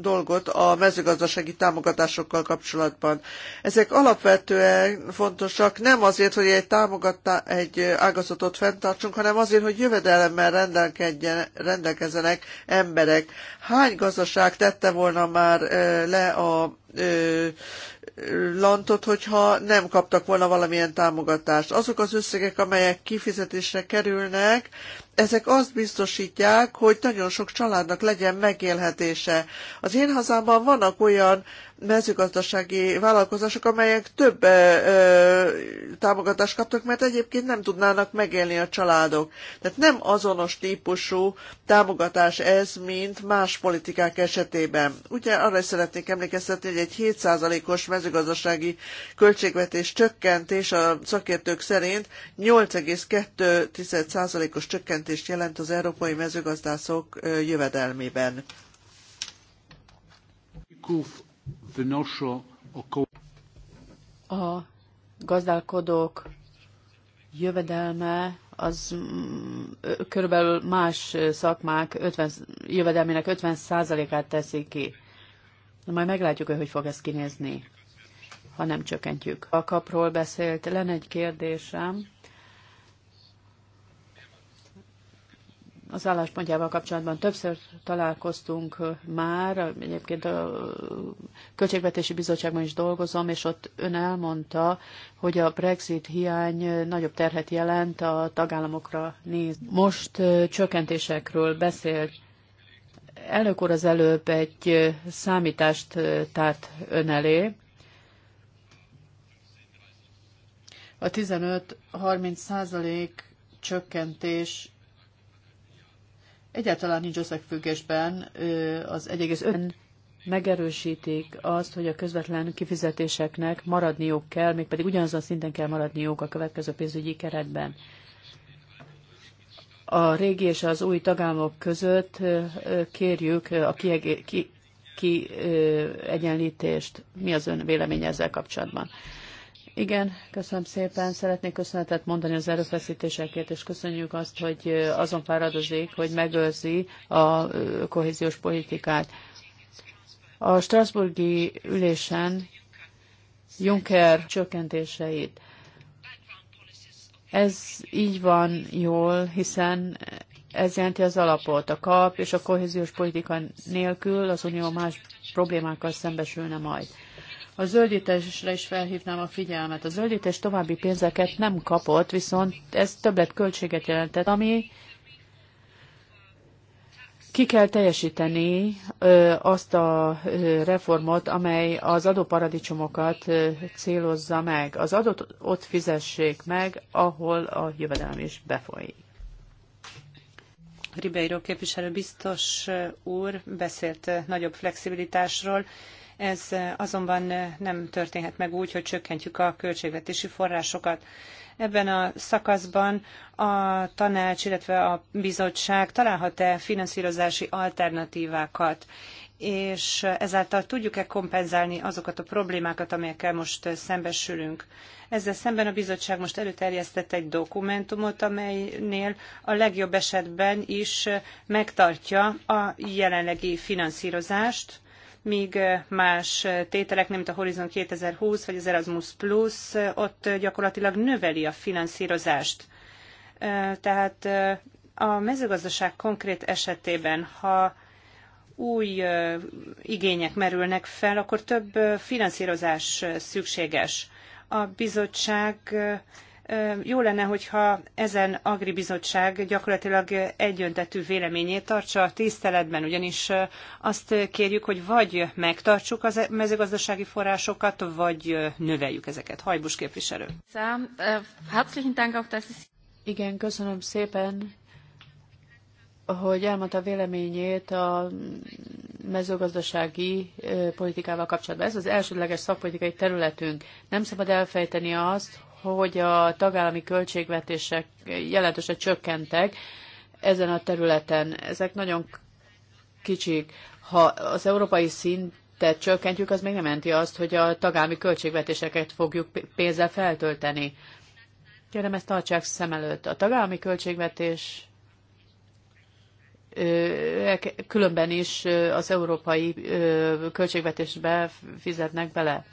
dolgot a mezőgazdasági támogatásokkal kapcsolatban. Ezek alapvetően fontosak nem azért, hogy egy, támogatta egy ágazatot fenntartsunk, hanem azért, hogy jövedelemmel rendelkezzenek emberek. Hány gazdaság tette volna már le a lantot, hogyha nem kaptak volna valamilyen támogatást. Azok az összegek, amelyek kifizetésre kerülnek, ezek azt biztosítják, hogy nagyon sok családnak legyen megélhetése. Az én hazámban vannak olyan mezőgazdasági vállalkozások, amelyek több ö, támogatást kaptak, mert egyébként nem tudnának megélni a családok. Tehát nem azonos típusú támogatás ez, mint más politikák esetében. Ugye arra is szeretnék emlékeztetni, hogy egy 7%-os mezőgazdasági költségvetés csökkentés a szakértők szerint 8,2%-os csökkentés csökkentést jelent az európai mezőgazdászok jövedelmében. A gazdálkodók jövedelme az mm, körülbelül más szakmák 50, jövedelmének 50%-át teszi ki. Na majd meglátjuk, hogy hogy fog ez kinézni, ha nem csökkentjük. A kapról beszélt, lenne egy kérdésem. az álláspontjával kapcsolatban többször találkoztunk már, egyébként a Költségvetési Bizottságban is dolgozom, és ott ön elmondta, hogy a Brexit hiány nagyobb terhet jelent a tagállamokra néz. Most csökkentésekről beszélt. Elnök úr az előbb egy számítást tárt ön elé. A 15-30 százalék csökkentés egyáltalán nincs összefüggésben az 1,5 megerősítik azt, hogy a közvetlen kifizetéseknek maradniuk kell, mégpedig ugyanazon szinten kell maradniuk a következő pénzügyi keretben. A régi és az új tagállamok között kérjük a kiegészítést. ki, ki, ki Mi az ön véleménye ezzel kapcsolatban? Igen, köszönöm szépen. Szeretnék köszönetet mondani az erőfeszítésekért, és köszönjük azt, hogy azon fáradozik, hogy megőrzi a kohéziós politikát. A Strasburgi ülésen Juncker csökkentéseit. Ez így van jól, hiszen ez jelenti az alapot. A kap és a kohéziós politika nélkül az unió más problémákkal szembesülne majd. A zöldítésre is felhívnám a figyelmet. A zöldítés további pénzeket nem kapott, viszont ez többlet költséget jelentett, ami ki kell teljesíteni ö, azt a ö, reformot, amely az adóparadicsomokat ö, célozza meg. Az adót ott fizessék meg, ahol a jövedelem is befolyik. Ribeiro képviselő biztos úr beszélt nagyobb flexibilitásról ez azonban nem történhet meg úgy, hogy csökkentjük a költségvetési forrásokat. Ebben a szakaszban a tanács, illetve a bizottság találhat-e finanszírozási alternatívákat, és ezáltal tudjuk-e kompenzálni azokat a problémákat, amelyekkel most szembesülünk. Ezzel szemben a bizottság most előterjesztett egy dokumentumot, amelynél a legjobb esetben is megtartja a jelenlegi finanszírozást, míg eh, más eh, tételek, nem mint a Horizon 2020 vagy az Erasmus Plus, eh, ott gyakorlatilag növeli a finanszírozást. Tehát a mezőgazdaság konkrét esetében, ha új igények merülnek fel, akkor több finanszírozás szükséges. A bizottság jó lenne, hogyha ezen agribizottság gyakorlatilag egyöntetű véleményét tartsa a tiszteletben, ugyanis azt kérjük, hogy vagy megtartsuk a mezőgazdasági forrásokat, vagy növeljük ezeket. Hajbus képviselő. Igen, köszönöm szépen, hogy elmondta véleményét a mezőgazdasági politikával kapcsolatban. Ez az elsődleges szakpolitikai területünk. Nem szabad elfejteni azt, hogy a tagállami költségvetések jelentősen csökkentek ezen a területen. Ezek nagyon kicsik. Ha az európai szintet csökkentjük, az még nem jelenti azt, hogy a tagállami költségvetéseket fogjuk pénzzel feltölteni. Kérem, ezt tartsák szem előtt. A tagállami költségvetés különben is az európai költségvetésbe fizetnek bele.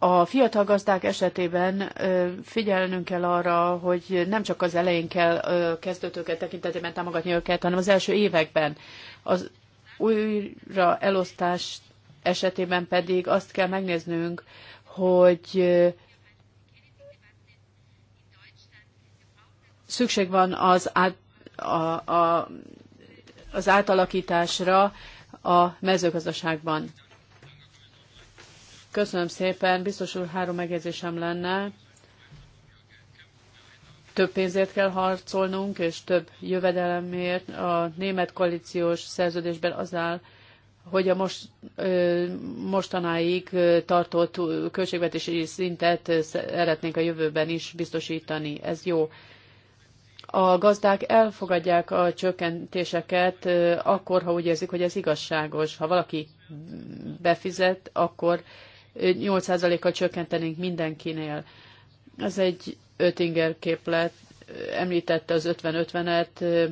A fiatal gazdák esetében figyelnünk kell arra, hogy nem csak az elején kell kezdőtőket tekintetében támogatni őket, hanem az első években. Az újra elosztás esetében pedig azt kell megnéznünk, hogy szükség van az, át, a, a, az átalakításra a mezőgazdaságban. Köszönöm szépen, biztos úr, három megjegyzésem lenne. Több pénzért kell harcolnunk, és több jövedelemért. A német koalíciós szerződésben az áll, hogy a most, mostanáig tartott költségvetési szintet szeretnénk a jövőben is biztosítani. Ez jó. A gazdák elfogadják a csökkentéseket akkor, ha úgy érzik, hogy ez igazságos. Ha valaki befizet, akkor 8%-kal csökkentenénk mindenkinél. Ez egy Ötinger képlet, említette az 50-50-et,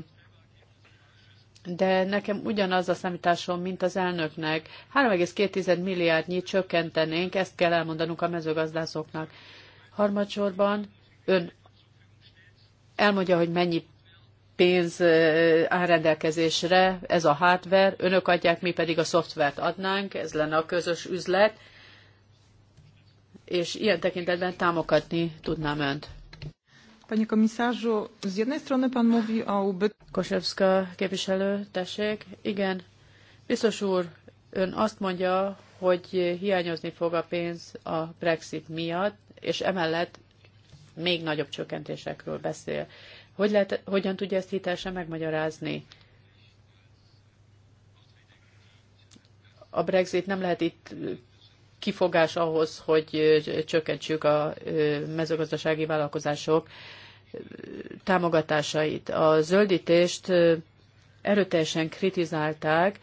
de nekem ugyanaz a számításom, mint az elnöknek. 3,2 milliárdnyi csökkentenénk, ezt kell elmondanunk a mezőgazdászoknak. Harmadsorban ön elmondja, hogy mennyi pénz áll rendelkezésre, ez a hardware, önök adják, mi pedig a szoftvert adnánk, ez lenne a közös üzlet és ilyen tekintetben támogatni tudnám önt. Panie komisarzu, z jednej strony pan mówi o ubyt... Koszewska képviselő, tessék. Igen, biztos úr, ön azt mondja, hogy hiányozni fog a pénz a Brexit miatt, és emellett még nagyobb csökkentésekről beszél. Hogy lehet, hogyan tudja ezt hitelesen megmagyarázni? A Brexit nem lehet itt kifogás ahhoz, hogy csökkentsük a mezőgazdasági vállalkozások támogatásait. A zöldítést erőteljesen kritizálták,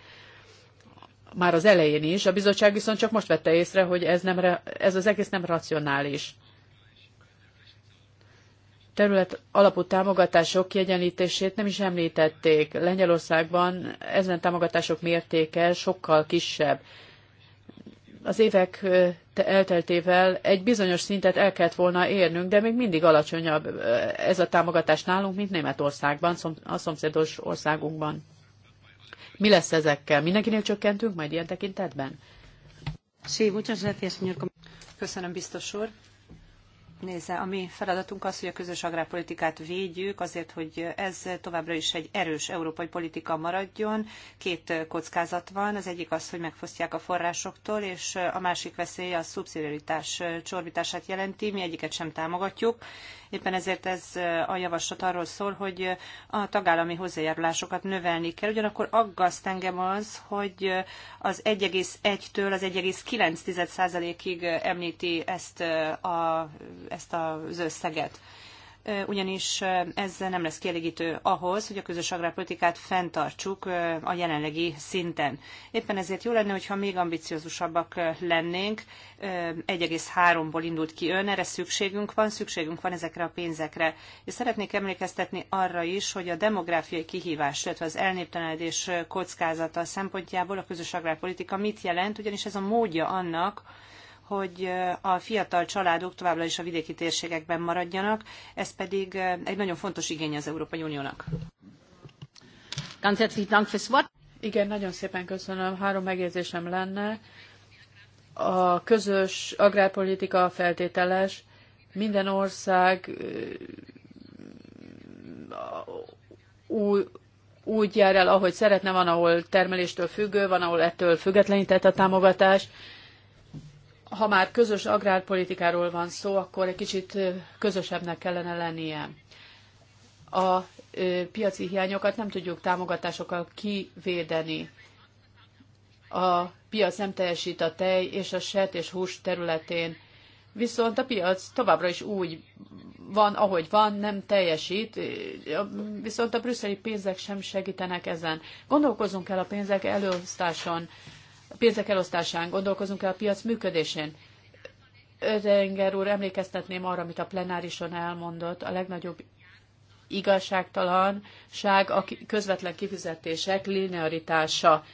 már az elején is, a bizottság viszont csak most vette észre, hogy ez, nem, ez az egész nem racionális. Terület alapú támogatások kiegyenlítését nem is említették. Lengyelországban ezen támogatások mértéke sokkal kisebb az évek elteltével egy bizonyos szintet el kellett volna érnünk, de még mindig alacsonyabb ez a támogatás nálunk, mint Németországban, a szomszédos országunkban. Mi lesz ezekkel? Mindenkinél csökkentünk majd ilyen tekintetben? Köszönöm, biztos úr. Nézze, a mi feladatunk az, hogy a közös agrárpolitikát védjük, azért, hogy ez továbbra is egy erős európai politika maradjon. Két kockázat van, az egyik az, hogy megfosztják a forrásoktól, és a másik veszély a szubszidiaritás csorbítását jelenti, mi egyiket sem támogatjuk. Éppen ezért ez a javaslat arról szól, hogy a tagállami hozzájárulásokat növelni kell. Ugyanakkor aggaszt engem az, hogy az 1,1-től az 1,9%-ig említi ezt a ezt az összeget ugyanis ez nem lesz kielégítő ahhoz, hogy a közös agrárpolitikát fenntartsuk a jelenlegi szinten. Éppen ezért jó lenne, hogyha még ambiciózusabbak lennénk. 1,3-ból indult ki ön, erre szükségünk van, szükségünk van ezekre a pénzekre. És szeretnék emlékeztetni arra is, hogy a demográfiai kihívás, illetve az elnéptelenedés kockázata szempontjából a közös agrárpolitika mit jelent, ugyanis ez a módja annak, hogy a fiatal családok továbbra is a vidéki térségekben maradjanak, ez pedig egy nagyon fontos igény az Európai Uniónak. Igen, nagyon szépen köszönöm. Három megjegyzésem lenne. A közös agrárpolitika feltételes. Minden ország úgy jár el, ahogy szeretne, van, ahol termeléstől függő, van, ahol ettől függetlenített a támogatás ha már közös agrárpolitikáról van szó, akkor egy kicsit közösebbnek kellene lennie. A piaci hiányokat nem tudjuk támogatásokkal kivédeni. A piac nem teljesít a tej és a sertés és hús területén, viszont a piac továbbra is úgy van, ahogy van, nem teljesít, viszont a brüsszeli pénzek sem segítenek ezen. Gondolkozunk el a pénzek előosztáson. A pénzek elosztásán gondolkozunk-e a piac működésén? Ödenger úr, emlékeztetném arra, amit a plenárison elmondott, a legnagyobb igazságtalanság a közvetlen kifizetések linearitása.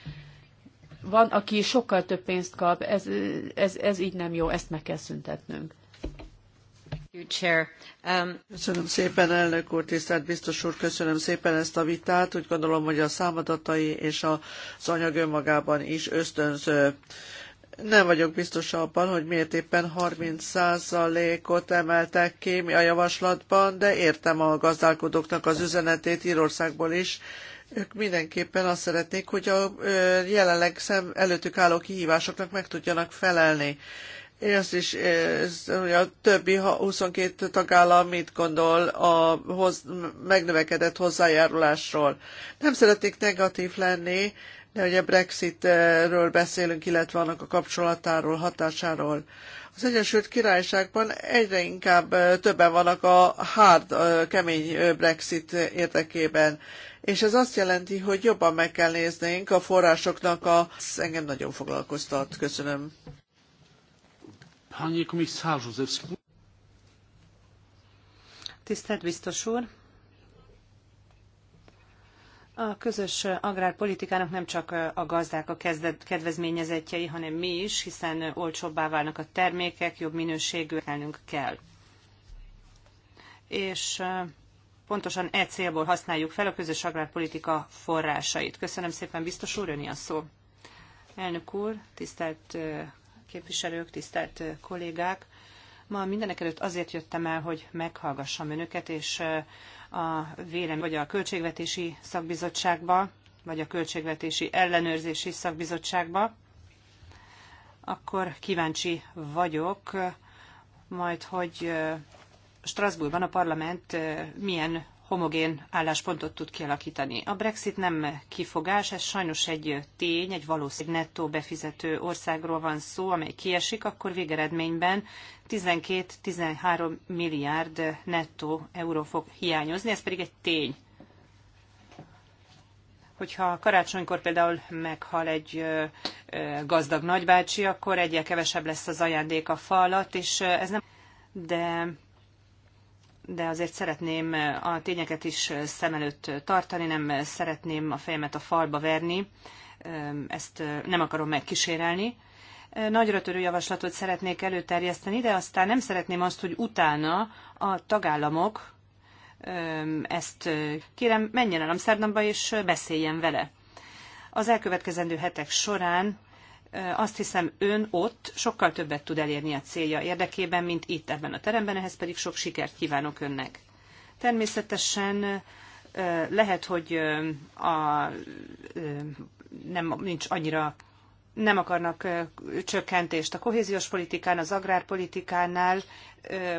Van, aki sokkal több pénzt kap, ez, ez, ez így nem jó, ezt meg kell szüntetnünk. Um, köszönöm szépen, elnök úr, tisztelt biztos úr, köszönöm szépen ezt a vitát. Úgy gondolom, hogy a számadatai és az anyag önmagában is ösztönző. Nem vagyok biztos abban, hogy miért éppen 30%-ot emeltek ki a javaslatban, de értem a gazdálkodóknak az üzenetét Írországból is. Ők mindenképpen azt szeretnék, hogy a jelenleg szem előttük álló kihívásoknak meg tudjanak felelni azt is, ez, hogy a többi 22 tagállam mit gondol a hoz, megnövekedett hozzájárulásról. Nem szeretnék negatív lenni, de ugye Brexitről beszélünk, illetve annak a kapcsolatáról, hatásáról. Az Egyesült Királyságban egyre inkább többen vannak a hard, kemény Brexit érdekében. És ez azt jelenti, hogy jobban meg kell néznénk a forrásoknak a... Ez engem nagyon foglalkoztat. Köszönöm. Tisztelt biztos úr! A közös agrárpolitikának nem csak a gazdák a kedvezményezettjei, hanem mi is, hiszen olcsóbbá válnak a termékek, jobb minőségűek, elnünk kell. És eh, pontosan e célból használjuk fel a közös agrárpolitika forrásait. Köszönöm szépen, biztos úr, öni a szó. Elnök úr, tisztelt eh, képviselők, tisztelt kollégák! Ma mindenek előtt azért jöttem el, hogy meghallgassam önöket, és a vélem vagy a Költségvetési Szakbizottságba, vagy a Költségvetési Ellenőrzési Szakbizottságba, akkor kíváncsi vagyok, majd, hogy Strasbourgban a parlament milyen homogén álláspontot tud kialakítani. A Brexit nem kifogás, ez sajnos egy tény, egy valószínű nettó befizető országról van szó, amely kiesik, akkor végeredményben 12-13 milliárd nettó euró fog hiányozni, ez pedig egy tény. Hogyha karácsonykor például meghal egy gazdag nagybácsi, akkor egyel kevesebb lesz az ajándék a fa alatt, és ez nem... De de azért szeretném a tényeket is szem előtt tartani, nem szeretném a fejemet a falba verni, ezt nem akarom megkísérelni. Nagyra törő javaslatot szeretnék előterjeszteni, de aztán nem szeretném azt, hogy utána a tagállamok ezt kérem, menjen el Amsterdamba és beszéljen vele. Az elkövetkezendő hetek során azt hiszem ön ott sokkal többet tud elérni a célja érdekében, mint itt ebben a teremben, ehhez pedig sok sikert kívánok önnek. Természetesen lehet, hogy a, nem, nincs annyira nem akarnak csökkentést a kohéziós politikán, az agrárpolitikánál,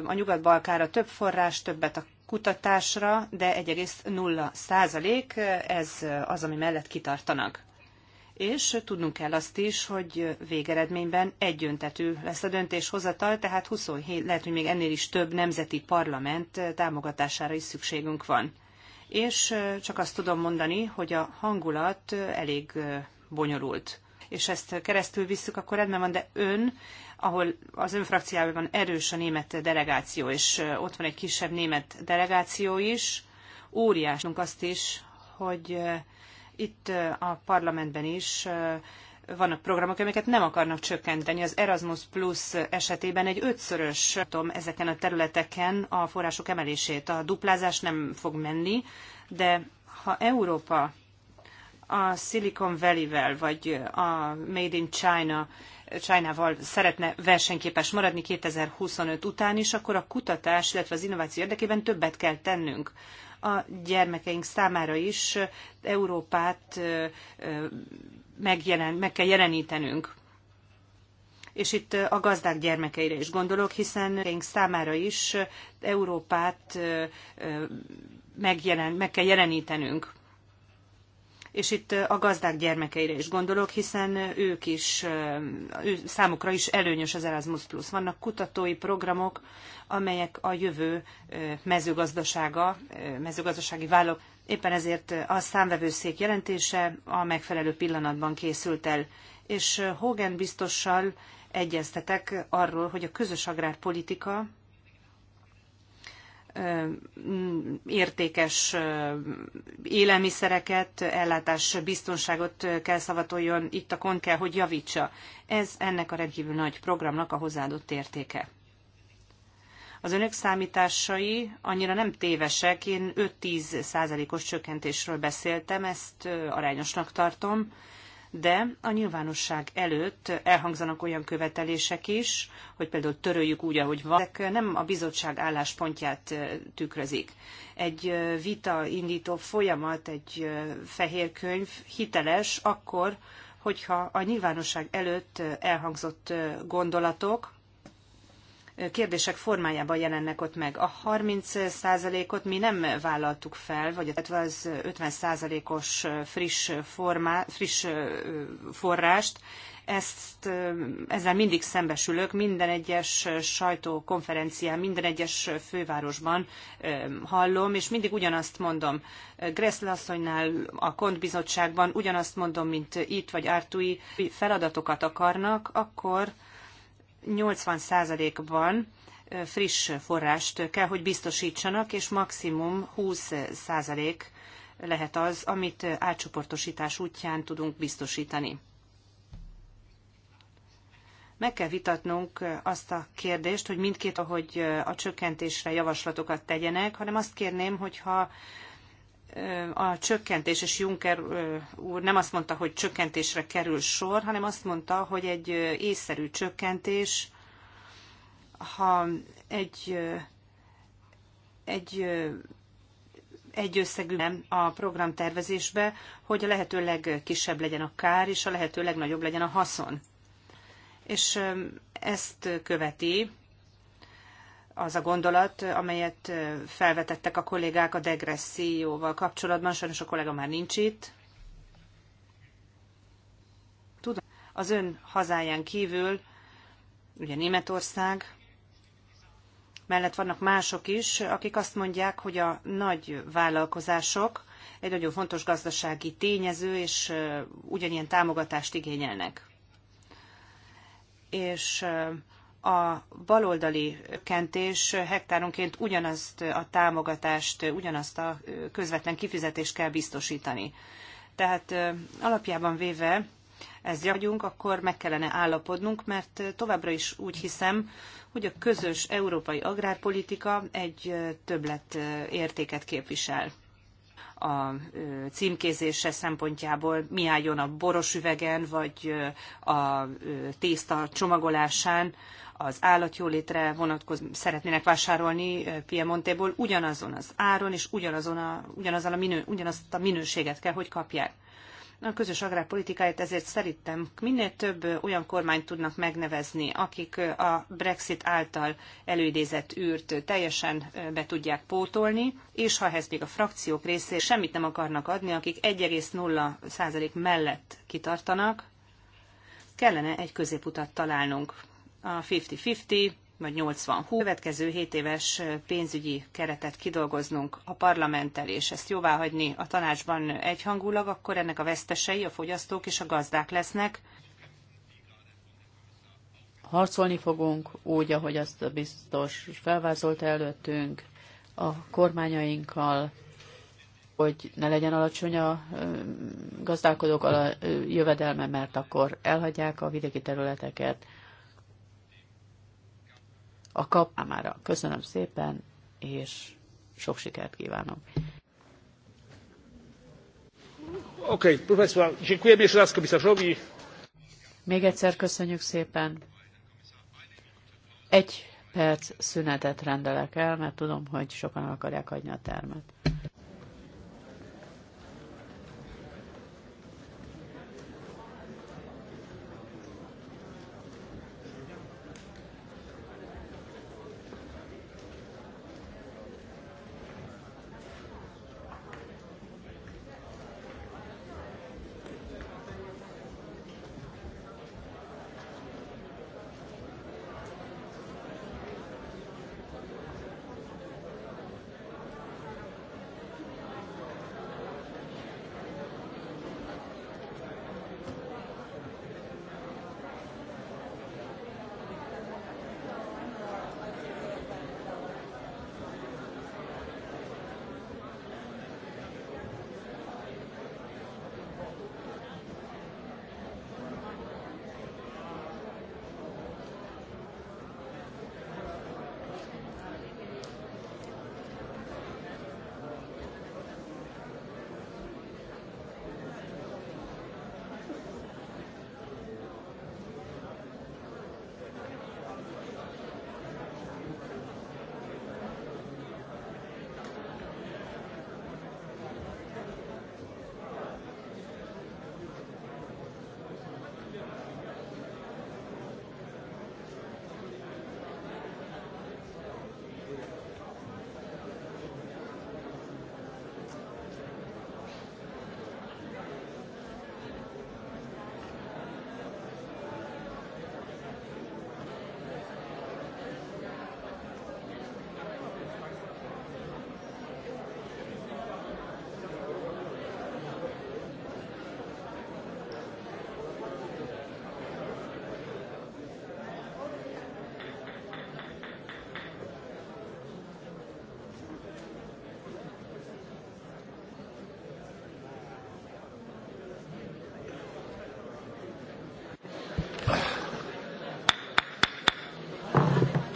a nyugat-balkára több forrás, többet a kutatásra, de 1,0 százalék, ez az, ami mellett kitartanak és tudnunk kell azt is, hogy végeredményben egyöntetű lesz a döntéshozatal, tehát 27, lehet, hogy még ennél is több nemzeti parlament támogatására is szükségünk van. És csak azt tudom mondani, hogy a hangulat elég bonyolult és ezt keresztül visszük, akkor rendben van, de ön, ahol az ön frakciájában erős a német delegáció, és ott van egy kisebb német delegáció is, óriásunk azt is, hogy itt a parlamentben is vannak programok, amiket nem akarnak csökkenteni. Az Erasmus Plus esetében egy ötszörös tudom, ezeken a területeken a források emelését. A duplázás nem fog menni, de ha Európa a Silicon Valley-vel, vagy a Made in China Csájnával szeretne versenyképes maradni 2025 után is, akkor a kutatás, illetve az innováció érdekében többet kell tennünk a gyermekeink számára is Európát megjelen, meg kell jelenítenünk. És itt a gazdák gyermekeire is gondolok, hiszen számára is Európát megjelen, meg kell jelenítenünk és itt a gazdák gyermekeire is gondolok, hiszen ők is, ő, számukra is előnyös az Erasmus Plus. Vannak kutatói programok, amelyek a jövő mezőgazdasága, mezőgazdasági vállalók. Éppen ezért a számvevőszék jelentése a megfelelő pillanatban készült el, és Hogan biztossal egyeztetek arról, hogy a közös agrárpolitika értékes élelmiszereket, ellátás biztonságot kell szavatoljon, itt a kon kell, hogy javítsa. Ez ennek a rendkívül nagy programnak a hozzáadott értéke. Az önök számításai annyira nem tévesek, én 5-10 százalékos csökkentésről beszéltem, ezt arányosnak tartom, de a nyilvánosság előtt elhangzanak olyan követelések is, hogy például töröljük úgy, ahogy van, ezek nem a bizottság álláspontját tükrözik. Egy vita indító folyamat, egy fehér könyv hiteles akkor, hogyha a nyilvánosság előtt elhangzott gondolatok, kérdések formájában jelennek ott meg. A 30%-ot mi nem vállaltuk fel, vagy az 50%-os friss, formá, friss forrást, ezt, ezzel mindig szembesülök, minden egyes sajtókonferencián, minden egyes fővárosban hallom, és mindig ugyanazt mondom. Gressle asszonynál a kontbizottságban ugyanazt mondom, mint itt vagy Ártui feladatokat akarnak, akkor 80%-ban friss forrást kell, hogy biztosítsanak, és maximum 20% lehet az, amit átcsoportosítás útján tudunk biztosítani. Meg kell vitatnunk azt a kérdést, hogy mindkét, ahogy a csökkentésre javaslatokat tegyenek, hanem azt kérném, hogyha a csökkentés, és Juncker úr nem azt mondta, hogy csökkentésre kerül sor, hanem azt mondta, hogy egy észszerű csökkentés, ha egy, egy egy összegű nem a programtervezésbe, hogy a lehető legkisebb legyen a kár, és a lehető legnagyobb legyen a haszon. És ezt követi az a gondolat, amelyet felvetettek a kollégák a degresszióval kapcsolatban. Sajnos a kollega már nincs itt. Tudom, az ön hazáján kívül, ugye Németország, mellett vannak mások is, akik azt mondják, hogy a nagy vállalkozások egy nagyon fontos gazdasági tényező, és ugyanilyen támogatást igényelnek. És a baloldali kentés hektáronként ugyanazt a támogatást, ugyanazt a közvetlen kifizetést kell biztosítani. Tehát alapjában véve ez vagyunk, akkor meg kellene állapodnunk, mert továbbra is úgy hiszem, hogy a közös európai agrárpolitika egy többlet értéket képvisel a címkézése szempontjából mi álljon a boros üvegen, vagy a tészta csomagolásán, az állatjólétre vonatkozó szeretnének vásárolni Piemontéból ugyanazon az áron és ugyanazon a, ugyanazon a minő, ugyanazt a minőséget kell, hogy kapják a közös agrárpolitikáját, ezért szerintem minél több olyan kormányt tudnak megnevezni, akik a Brexit által előidézett űrt teljesen be tudják pótolni, és ha ehhez még a frakciók részéről semmit nem akarnak adni, akik 1,0% mellett kitartanak, kellene egy középutat találnunk. A 50-50, vagy 80 hú. Következő 7 éves pénzügyi keretet kidolgoznunk a parlamenttel, és ezt jóváhagyni a tanácsban egyhangulag, akkor ennek a vesztesei a fogyasztók és a gazdák lesznek. Harcolni fogunk úgy, ahogy azt a biztos felvázolt előttünk, a kormányainkkal, hogy ne legyen alacsony a gazdálkodók a jövedelme, mert akkor elhagyják a vidéki területeket a kapámára. Köszönöm szépen, és sok sikert kívánok. Oké, okay, professzor, Még egyszer köszönjük szépen. Egy perc szünetet rendelek el, mert tudom, hogy sokan akarják hagyni a termet.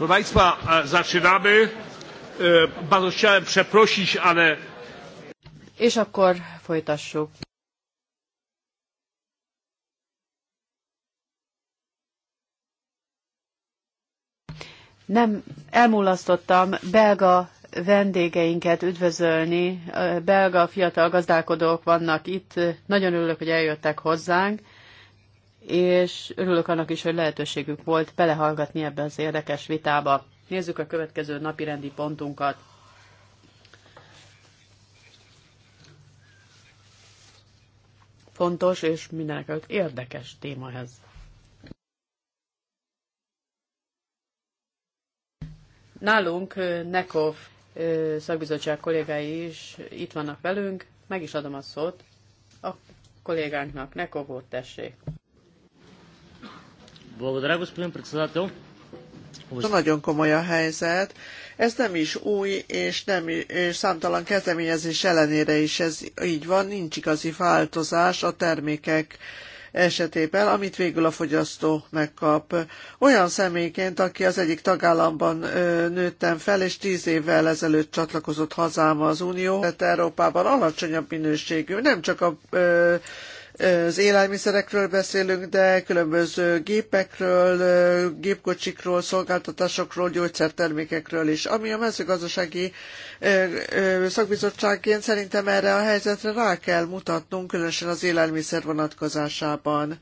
Proszę Państwa, e, zaczynamy. E, bardzo chciałem przeprosić, ale... És akkor folytassuk. Nem elmulasztottam belga vendégeinket üdvözölni. E, belga fiatal gazdálkodók vannak itt. Nagyon örülök, hogy eljöttek hozzánk és örülök annak is, hogy lehetőségük volt belehallgatni ebbe az érdekes vitába. Nézzük a következő napi rendi pontunkat. Fontos és mindenek érdekes téma ez. Nálunk Nekov szakbizottság kollégái is itt vannak velünk, meg is adom a szót a kollégánknak. Nekov úr, tessék! Благодаря, Nagyon komoly a helyzet. Ez nem is új, és, nem, és számtalan kezdeményezés ellenére is ez így van, nincs igazi változás a termékek esetében, amit végül a fogyasztó megkap. Olyan személyként, aki az egyik tagállamban nőttem fel, és tíz évvel ezelőtt csatlakozott hazáma az Unió, tehát Európában alacsonyabb minőségű, nem csak a az élelmiszerekről beszélünk, de különböző gépekről, gépkocsikról, szolgáltatásokról, gyógyszertermékekről is. Ami a mezőgazdasági szakbizottságként szerintem erre a helyzetre rá kell mutatnunk, különösen az élelmiszer vonatkozásában.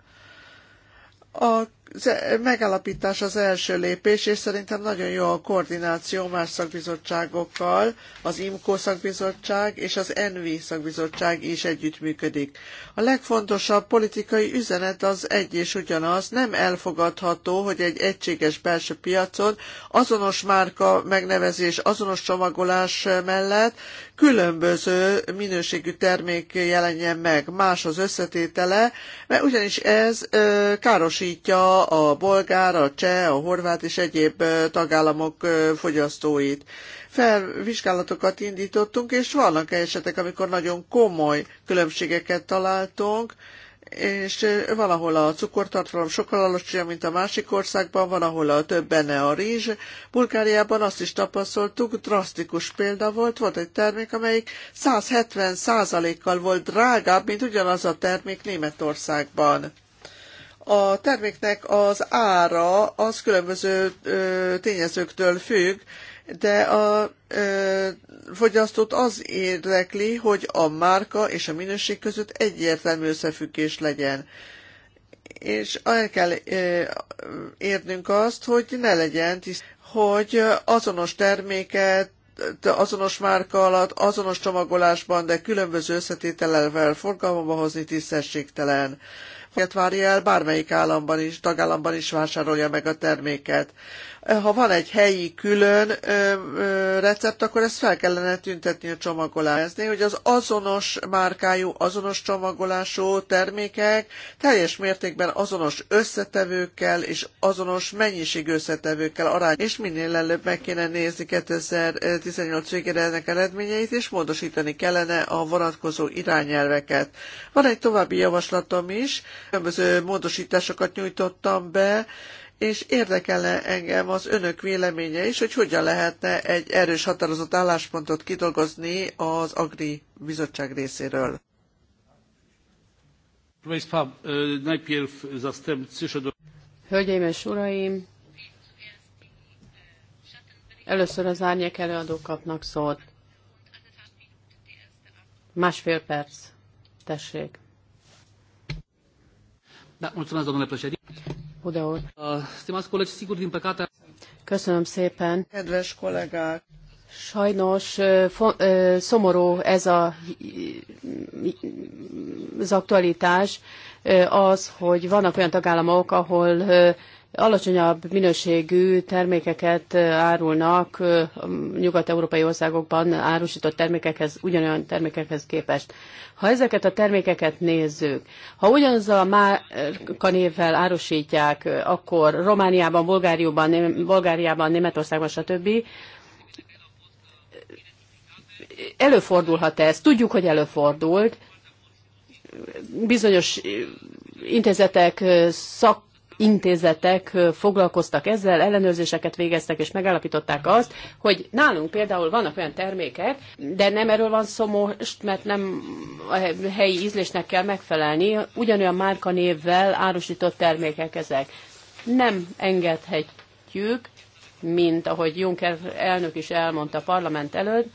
A E, megállapítás az első lépés, és szerintem nagyon jó a koordináció más szakbizottságokkal, az IMCO szakbizottság és az ENVI szakbizottság is együttműködik. A legfontosabb politikai üzenet az egy és ugyanaz, nem elfogadható, hogy egy egységes belső piacon azonos márka megnevezés, azonos csomagolás mellett különböző minőségű termék jelenjen meg, más az összetétele, mert ugyanis ez károsítja a bolgár, a cseh, a horvát és egyéb tagállamok fogyasztóit. Felvizsgálatokat indítottunk, és vannak esetek, amikor nagyon komoly különbségeket találtunk, és van, ahol a cukortartalom sokkal alacsonyabb, mint a másik országban, van, ahol a több benne a rizs. Bulgáriában azt is tapasztaltuk, drasztikus példa volt, volt egy termék, amelyik 170 kal volt drágább, mint ugyanaz a termék Németországban. A terméknek az ára az különböző tényezőktől függ, de a ö, fogyasztót az érdekli, hogy a márka és a minőség között egyértelmű összefüggés legyen. És el kell érnünk azt, hogy ne legyen hogy azonos terméket, azonos márka alatt, azonos csomagolásban, de különböző összetételelvel forgalomba hozni tisztességtelen várja el, bármelyik államban is, tagállamban is vásárolja meg a terméket ha van egy helyi külön recept, akkor ezt fel kellene tüntetni a csomagolásnél, hogy az azonos márkájú, azonos csomagolású termékek teljes mértékben azonos összetevőkkel és azonos mennyiség összetevőkkel arány, és minél előbb meg kéne nézni 2018 végére ennek eredményeit, és módosítani kellene a vonatkozó irányelveket. Van egy további javaslatom is, különböző módosításokat nyújtottam be, és érdekelne engem az önök véleménye is, hogy hogyan lehetne egy erős határozott álláspontot kidolgozni az Agri Bizottság részéről. E, Hölgyeim és uraim, először az árnyék előadók kapnak szót. Másfél perc. Tessék. Köszönöm szépen. Kedves kollégák! Sajnos szomorú ez a, az aktualitás, az, hogy vannak olyan tagállamok, ahol alacsonyabb minőségű termékeket árulnak nyugat-európai országokban árusított termékekhez, ugyanolyan termékekhez képest. Ha ezeket a termékeket nézzük, ha ugyanaz a márkanévvel árusítják, akkor Romániában, Bulgáriában, Bulgáriában Németországban, stb., előfordulhat ez. Tudjuk, hogy előfordult. Bizonyos intézetek szak intézetek foglalkoztak ezzel, ellenőrzéseket végeztek, és megállapították azt, hogy nálunk például vannak olyan termékek, de nem erről van szó most, mert nem a helyi ízlésnek kell megfelelni, ugyanolyan márkanévvel árusított termékek ezek. Nem engedhetjük, mint ahogy Juncker elnök is elmondta a parlament előtt,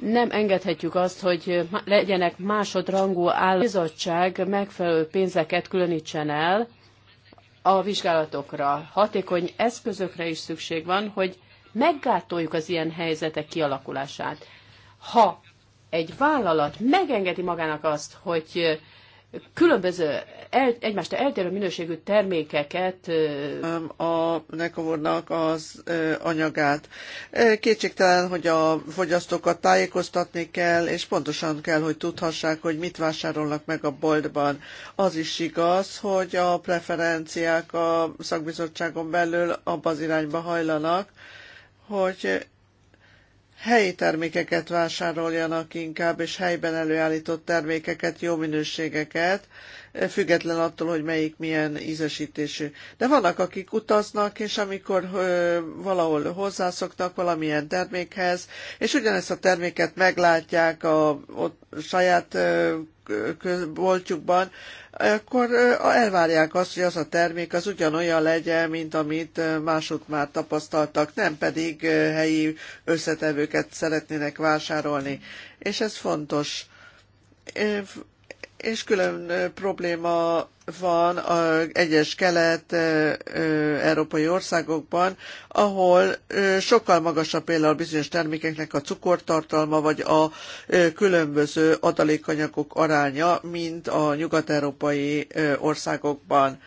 nem engedhetjük azt, hogy legyenek másodrangú állami bizottság megfelelő pénzeket különítsen el a vizsgálatokra. Hatékony eszközökre is szükség van, hogy meggátoljuk az ilyen helyzetek kialakulását. Ha egy vállalat megengedi magának azt, hogy különböző el, egymástól eltérő minőségű termékeket. A Nekovornak az anyagát. Kétségtelen, hogy a fogyasztókat tájékoztatni kell, és pontosan kell, hogy tudhassák, hogy mit vásárolnak meg a boltban. Az is igaz, hogy a preferenciák a szakbizottságon belül abba az irányba hajlanak, hogy helyi termékeket vásároljanak inkább, és helyben előállított termékeket, jó minőségeket, független attól, hogy melyik milyen ízesítésű. De vannak, akik utaznak, és amikor valahol hozzászoknak valamilyen termékhez, és ugyanezt a terméket meglátják a, ott saját boltjukban, akkor elvárják azt, hogy az a termék az ugyanolyan legyen, mint amit mások már tapasztaltak, nem pedig helyi összetevőket szeretnének vásárolni. És ez fontos és külön probléma van a egyes kelet-európai országokban, ahol sokkal magasabb például bizonyos termékeknek a cukortartalma, vagy a különböző adalékanyagok aránya, mint a nyugat-európai országokban.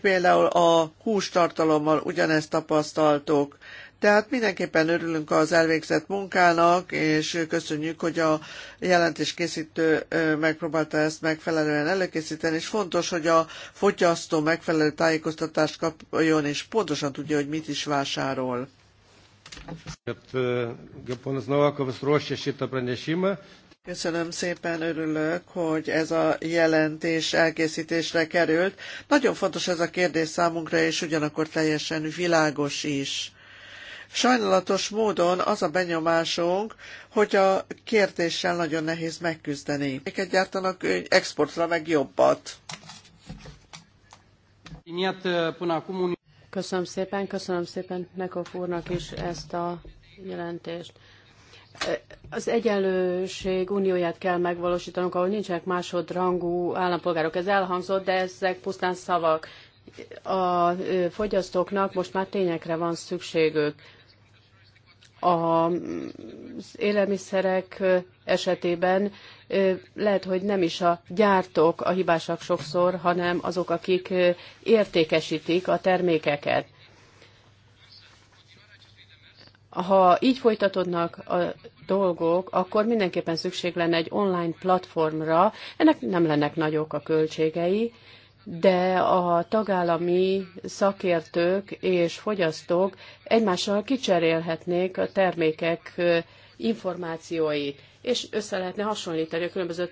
Például a hústartalommal ugyanezt tapasztaltuk. Tehát mindenképpen örülünk az elvégzett munkának, és köszönjük, hogy a jelentéskészítő megpróbálta ezt megfelelően előkészíteni, és fontos, hogy a fogyasztó megfelelő tájékoztatást kapjon, és pontosan tudja, hogy mit is vásárol. Köszönöm szépen, örülök, hogy ez a jelentés elkészítésre került. Nagyon fontos ez a kérdés számunkra, és ugyanakkor teljesen világos is. Sajnálatos módon az a benyomásunk, hogy a kérdéssel nagyon nehéz megküzdeni. Miket gyártanak exportra meg jobbat? Köszönöm szépen, köszönöm szépen Nekov úrnak is ezt a jelentést. Az egyenlőség unióját kell megvalósítanunk, ahol nincsenek másodrangú állampolgárok. Ez elhangzott, de ezek pusztán szavak. A fogyasztóknak most már tényekre van szükségük az élelmiszerek esetében lehet, hogy nem is a gyártók a hibásak sokszor, hanem azok, akik értékesítik a termékeket. Ha így folytatódnak a dolgok, akkor mindenképpen szükség lenne egy online platformra, ennek nem lennek nagyok a költségei, de a tagállami szakértők és fogyasztók egymással kicserélhetnék a termékek információit, és össze lehetne hasonlítani a különböző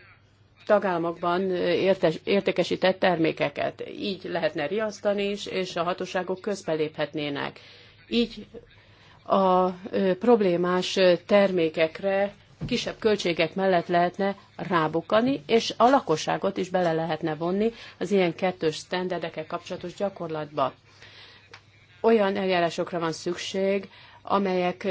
tagállamokban értes, értékesített termékeket. Így lehetne riasztani is, és a hatóságok közbeléphetnének. Így a problémás termékekre kisebb költségek mellett lehetne rábukani, és a lakosságot is bele lehetne vonni az ilyen kettős sztenderdekkel kapcsolatos gyakorlatba. Olyan eljárásokra van szükség, amelyek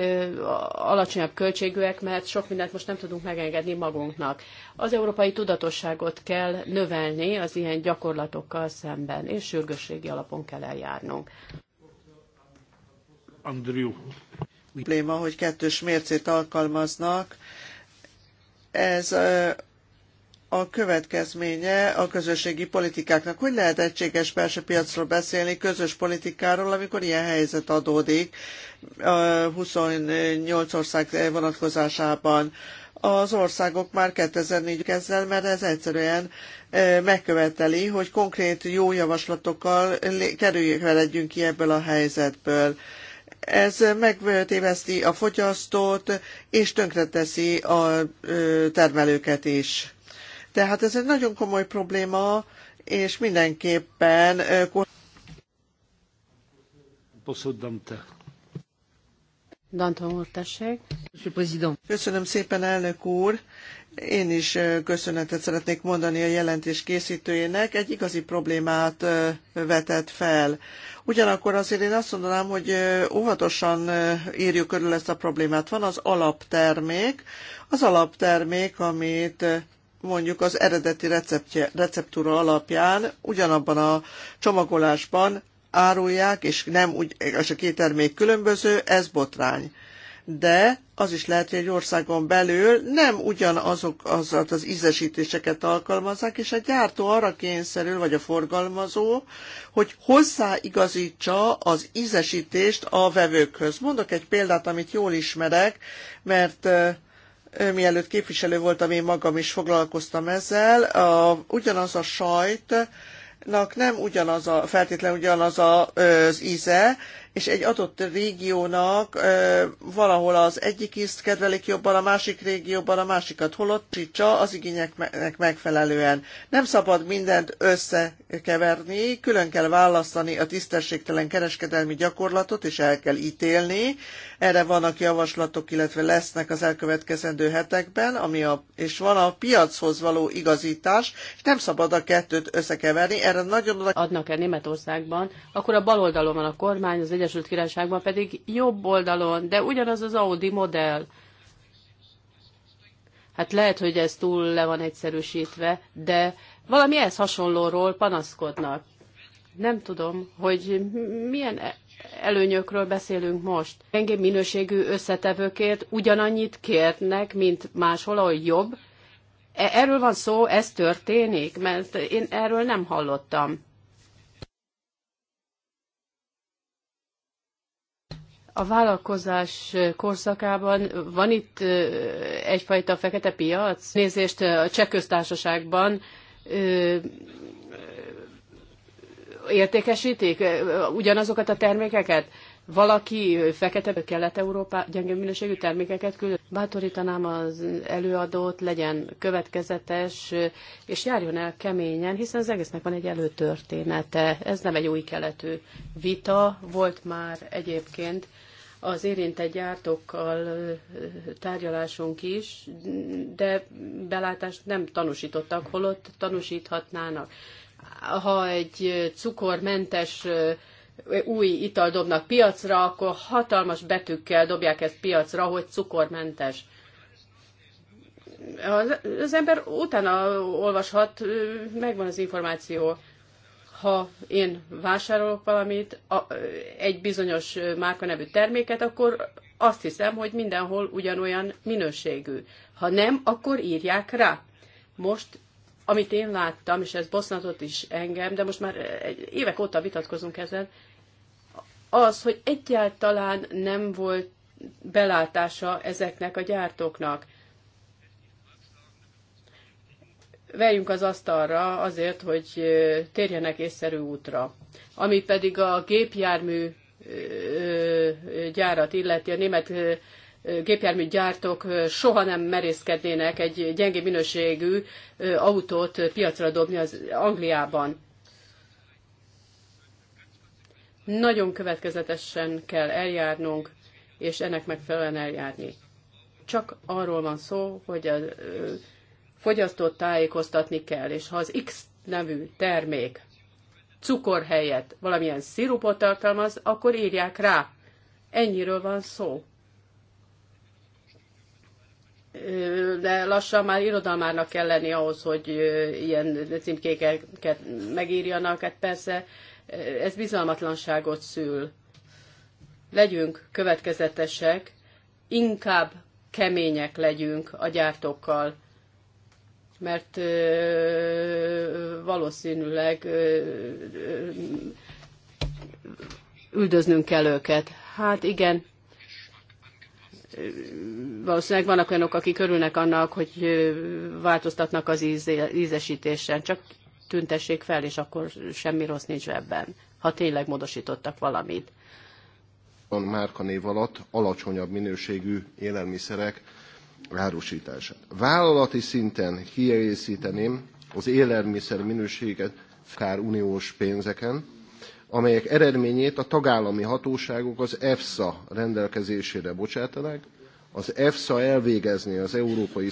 alacsonyabb költségűek, mert sok mindent most nem tudunk megengedni magunknak. Az európai tudatosságot kell növelni az ilyen gyakorlatokkal szemben, és sürgősségi alapon kell eljárnunk. Andrew. Probléma, hogy kettős mércét alkalmaznak, ez a következménye a közösségi politikáknak. Hogy lehet egységes belső piacról beszélni, közös politikáról, amikor ilyen helyzet adódik 28 ország vonatkozásában? Az országok már 2004 ezzel, mert ez egyszerűen megköveteli, hogy konkrét jó javaslatokkal kerüljük velegyünk ki ebből a helyzetből ez megtéveszti a fogyasztót, és tönkreteszi a termelőket is. Tehát ez egy nagyon komoly probléma, és mindenképpen... Danton úr, tessék. Köszönöm szépen, elnök úr. Én is köszönetet szeretnék mondani a jelentés készítőjének. Egy igazi problémát vetett fel. Ugyanakkor azért én azt mondanám, hogy óvatosan írjuk körül ezt a problémát. Van az alaptermék, az alaptermék, amit mondjuk az eredeti receptje, receptúra alapján ugyanabban a csomagolásban árulják, és nem úgy, és a két termék különböző, ez botrány de az is lehet, hogy egy országon belül nem ugyanazok az, az ízesítéseket alkalmazzák, és a gyártó arra kényszerül, vagy a forgalmazó, hogy hozzáigazítsa az ízesítést a vevőkhöz. Mondok egy példát, amit jól ismerek, mert mielőtt képviselő voltam, én magam is foglalkoztam ezzel. A, ugyanaz a sajt, nem ugyanaz a, feltétlenül ugyanaz a, az íze, és egy adott régiónak valahol az egyik ízt kedvelik jobban, a másik régióban a másikat, holott csicsa az igényeknek megfelelően. Nem szabad mindent összekeverni, külön kell választani a tisztességtelen kereskedelmi gyakorlatot, és el kell ítélni. Erre vannak javaslatok, illetve lesznek az elkövetkezendő hetekben, ami a, és van a piachoz való igazítás, és nem szabad a kettőt összekeverni. Erre nagyon adnak-e Németországban, akkor a bal oldalon van a kormány, az egy Egyesült Királyságban pedig jobb oldalon, de ugyanaz az Audi modell. Hát lehet, hogy ez túl le van egyszerűsítve, de valami ehhez hasonlóról panaszkodnak. Nem tudom, hogy milyen e- előnyökről beszélünk most. Engem minőségű összetevőkért ugyanannyit kérnek, mint máshol, ahol jobb. E- erről van szó, ez történik, mert én erről nem hallottam. a vállalkozás korszakában van itt egyfajta fekete piac? Nézést a cseh köztársaságban értékesítik ugyanazokat a termékeket? Valaki fekete kelet-európa gyenge minőségű termékeket küld. Bátorítanám az előadót, legyen következetes, és járjon el keményen, hiszen az egésznek van egy előtörténete. Ez nem egy új keletű vita, volt már egyébként az érintett gyártókkal tárgyalásunk is, de belátást nem tanúsítottak, holott tanúsíthatnának. Ha egy cukormentes új ital dobnak piacra, akkor hatalmas betűkkel dobják ezt piacra, hogy cukormentes. Az, az ember utána olvashat, megvan az információ ha én vásárolok valamit, a, egy bizonyos márkanevű terméket, akkor azt hiszem, hogy mindenhol ugyanolyan minőségű. Ha nem, akkor írják rá. Most, amit én láttam, és ez bosszantott is engem, de most már évek óta vitatkozunk ezen, az, hogy egyáltalán nem volt belátása ezeknek a gyártóknak. vejünk az asztalra azért, hogy térjenek észszerű útra. Ami pedig a gépjármű gyárat illeti, a német gépjárműgyártók soha nem merészkednének egy gyenge minőségű autót piacra dobni az Angliában. Nagyon következetesen kell eljárnunk, és ennek megfelelően eljárni. Csak arról van szó, hogy a fogyasztót tájékoztatni kell, és ha az X nevű termék cukor helyett valamilyen szirupot tartalmaz, akkor írják rá. Ennyiről van szó. De lassan már irodalmárnak kell lenni ahhoz, hogy ilyen címkéket megírjanak. Hát persze ez bizalmatlanságot szül. Legyünk következetesek, inkább kemények legyünk a gyártókkal, mert valószínűleg üldöznünk kell őket. Hát igen, valószínűleg vannak olyanok, akik örülnek annak, hogy változtatnak az íze, ízesítésen, csak tüntessék fel, és akkor semmi rossz nincs ebben, ha tényleg módosítottak valamit. A márkanév alatt alacsonyabb minőségű élelmiszerek árusítását. Vállalati szinten kiegészíteném az élelmiszer minőséget kár uniós pénzeken, amelyek eredményét a tagállami hatóságok az EFSA rendelkezésére bocsátanák. Az EFSA elvégezné az európai...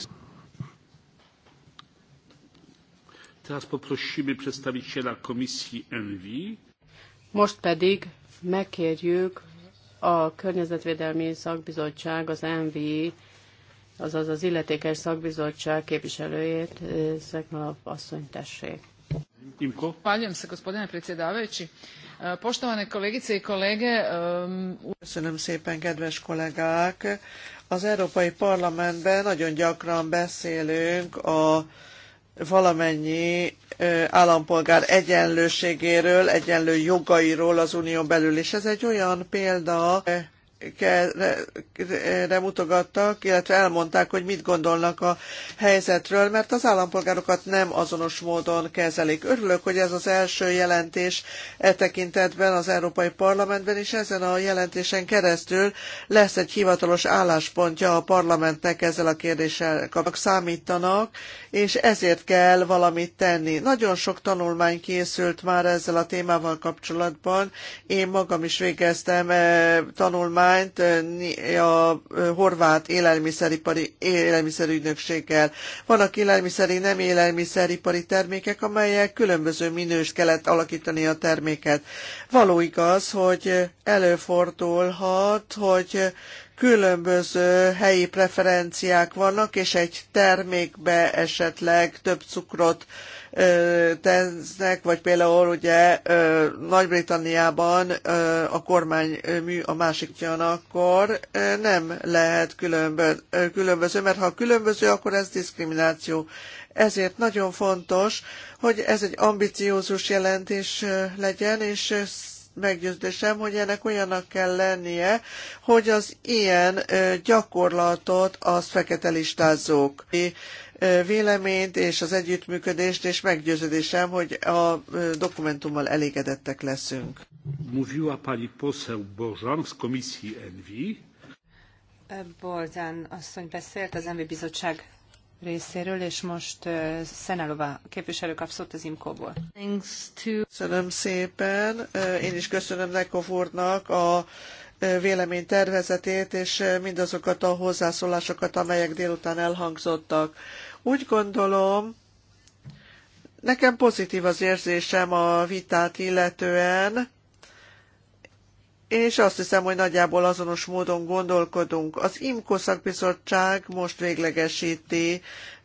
Teraz poprosimy przedstawiciela komisji ENVI. Most pedig megkérjük a Környezetvédelmi Szakbizottság, az ENVI azaz az illetékes szakbizottság képviselőjét, Szekmalap asszony tessék. Zahvaljujem se gospodine predsjedavajući. E, poštovane kolegice i kolege, e, Köszönöm szépen, kedves kollégák! Az Európai Parlamentben nagyon gyakran beszélünk a valamennyi e, állampolgár egyenlőségéről, egyenlő jogairól az unió belül, és ez egy olyan példa, re mutogattak, illetve elmondták, hogy mit gondolnak a helyzetről, mert az állampolgárokat nem azonos módon kezelik. Örülök, hogy ez az első jelentés e tekintetben az Európai Parlamentben, és ezen a jelentésen keresztül lesz egy hivatalos álláspontja a parlamentnek ezzel a kérdéssel kapnak, számítanak, és ezért kell valamit tenni. Nagyon sok tanulmány készült már ezzel a témával kapcsolatban. Én magam is végeztem eh, tanulmányt, kormányt a horvát élelmiszeripari élelmiszerügynökséggel. Vannak élelmiszeri, nem élelmiszeripari termékek, amelyek különböző minőst kellett alakítani a terméket. Való igaz, hogy előfordulhat, hogy különböző helyi preferenciák vannak, és egy termékbe esetleg több cukrot tesznek, vagy például ugye Nagy-Britanniában a kormány mű a másik akkor nem lehet különböző, mert ha különböző, akkor ez diszkrimináció. Ezért nagyon fontos, hogy ez egy ambiciózus jelentés legyen, és meggyőződésem, hogy ennek olyannak kell lennie, hogy az ilyen gyakorlatot azt fekete véleményt és az együttműködést, és meggyőződésem, hogy a dokumentummal elégedettek leszünk. Mówiła pani poseł Bożan z komisji ENVI. Boldán asszony beszélt az ENVI bizottság részéről, és most uh, Szenelova képviselő kap az IMKO-ból. To... Köszönöm szépen. Én is köszönöm Nekov úrnak a véleménytervezetét és mindazokat a hozzászólásokat, amelyek délután elhangzottak. Úgy gondolom, nekem pozitív az érzésem a vitát illetően, és azt hiszem, hogy nagyjából azonos módon gondolkodunk. Az IMKO szakbizottság most véglegesíti,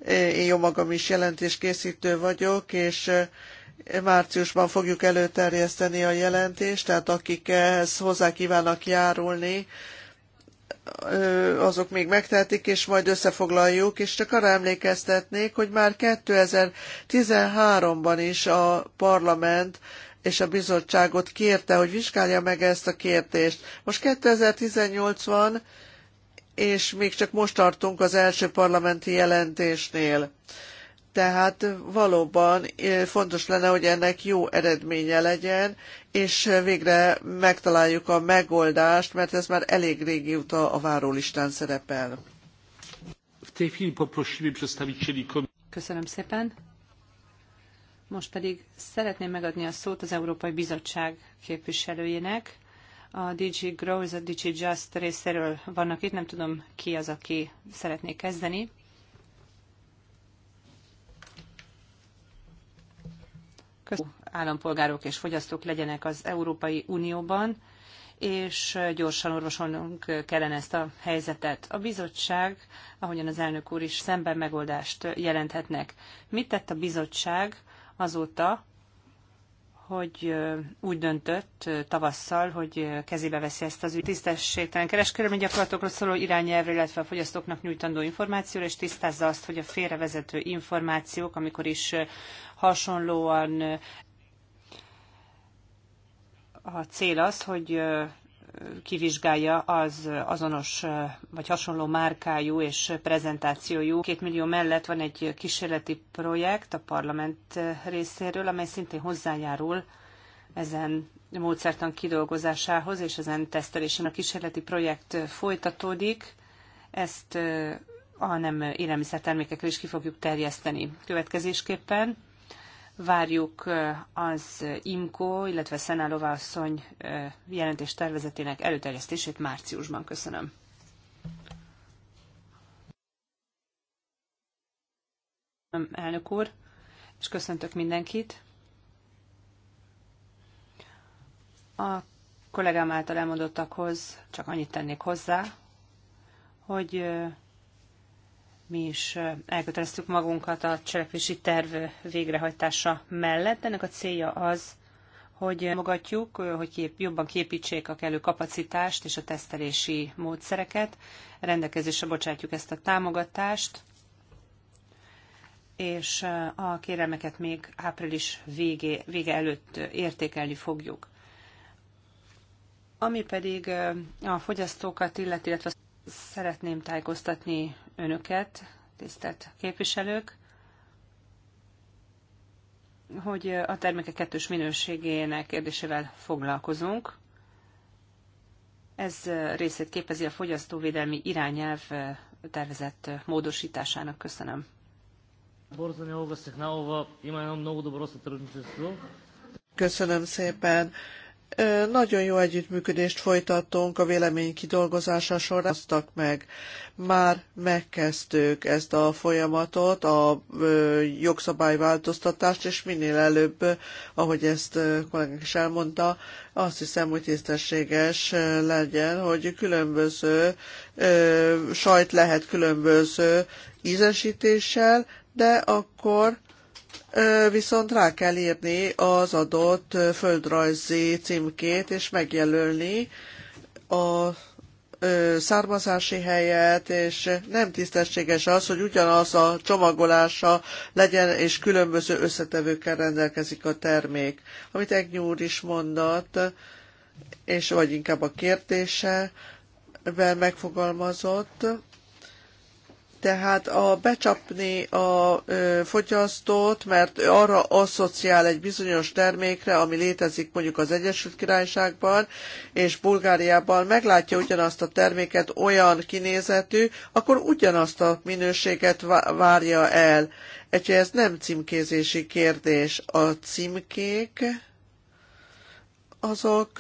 én jó magam is jelentéskészítő vagyok, és márciusban fogjuk előterjeszteni a jelentést, tehát akik ehhez hozzá kívánnak járulni, azok még megtehetik, és majd összefoglaljuk, és csak arra emlékeztetnék, hogy már 2013-ban is a parlament és a bizottságot kérte, hogy vizsgálja meg ezt a kérdést. Most 2018 van, és még csak most tartunk az első parlamenti jelentésnél. Tehát valóban eh, fontos lenne, hogy ennek jó eredménye legyen, és végre megtaláljuk a megoldást, mert ez már elég régi uta a várólistán szerepel. Köszönöm szépen. Most pedig szeretném megadni a szót az Európai Bizottság képviselőjének. A DG Grow és a DG Just részéről vannak itt, nem tudom ki az, aki szeretné kezdeni. állampolgárok és fogyasztók legyenek az Európai Unióban, és gyorsan orvosolnunk kellene ezt a helyzetet. A bizottság, ahogyan az elnök úr is, szemben megoldást jelenthetnek. Mit tett a bizottság azóta, hogy úgy döntött tavasszal, hogy kezébe veszi ezt az ügy. Tisztességtelen kereskedelmi gyakorlatokról szóló irányelvre, illetve a fogyasztóknak nyújtandó információra, és tisztázza azt, hogy a félrevezető információk, amikor is hasonlóan a cél az, hogy kivizsgálja az azonos vagy hasonló márkájú és prezentációjú. Két millió mellett van egy kísérleti projekt a parlament részéről, amely szintén hozzájárul ezen módszertan kidolgozásához és ezen tesztelésén a kísérleti projekt folytatódik. Ezt a nem élelmiszertermékekre is ki fogjuk terjeszteni. Következésképpen Várjuk az IMCO, illetve Szenálova asszony jelentés tervezetének előterjesztését márciusban. Köszönöm. Elnök úr, és köszöntök mindenkit. A kollégám által elmondottakhoz csak annyit tennék hozzá, hogy mi is elköteleztük magunkat a cselekvési terv végrehajtása mellett. Ennek a célja az, hogy magatjuk, hogy kép, jobban képítsék a kellő kapacitást és a tesztelési módszereket. Rendelkezésre bocsátjuk ezt a támogatást, és a kérelmeket még április végé, vége előtt értékelni fogjuk. Ami pedig a fogyasztókat illeti, illetve szeretném tájékoztatni önöket, tisztelt képviselők, hogy a termékek kettős minőségének kérdésével foglalkozunk. Ez részét képezi a fogyasztóvédelmi irányelv tervezett módosításának. Köszönöm. Köszönöm szépen. Nagyon jó együttműködést folytattunk a vélemény kidolgozása során, aztak meg. Már megkezdtük ezt a folyamatot, a jogszabályváltoztatást, és minél előbb, ahogy ezt kollégánk is elmondta, azt hiszem, hogy tisztességes legyen, hogy különböző sajt lehet különböző ízesítéssel, de akkor viszont rá kell írni az adott földrajzi címkét, és megjelölni a származási helyet, és nem tisztességes az, hogy ugyanaz a csomagolása legyen, és különböző összetevőkkel rendelkezik a termék. Amit Egnyú úr is mondott, és vagy inkább a kérdése, megfogalmazott, tehát a becsapni a fogyasztót, mert arra asszociál egy bizonyos termékre, ami létezik mondjuk az Egyesült Királyságban és Bulgáriában, meglátja ugyanazt a terméket olyan kinézetű, akkor ugyanazt a minőséget várja el. Úgyhogy ez nem címkézési kérdés. A címkék azok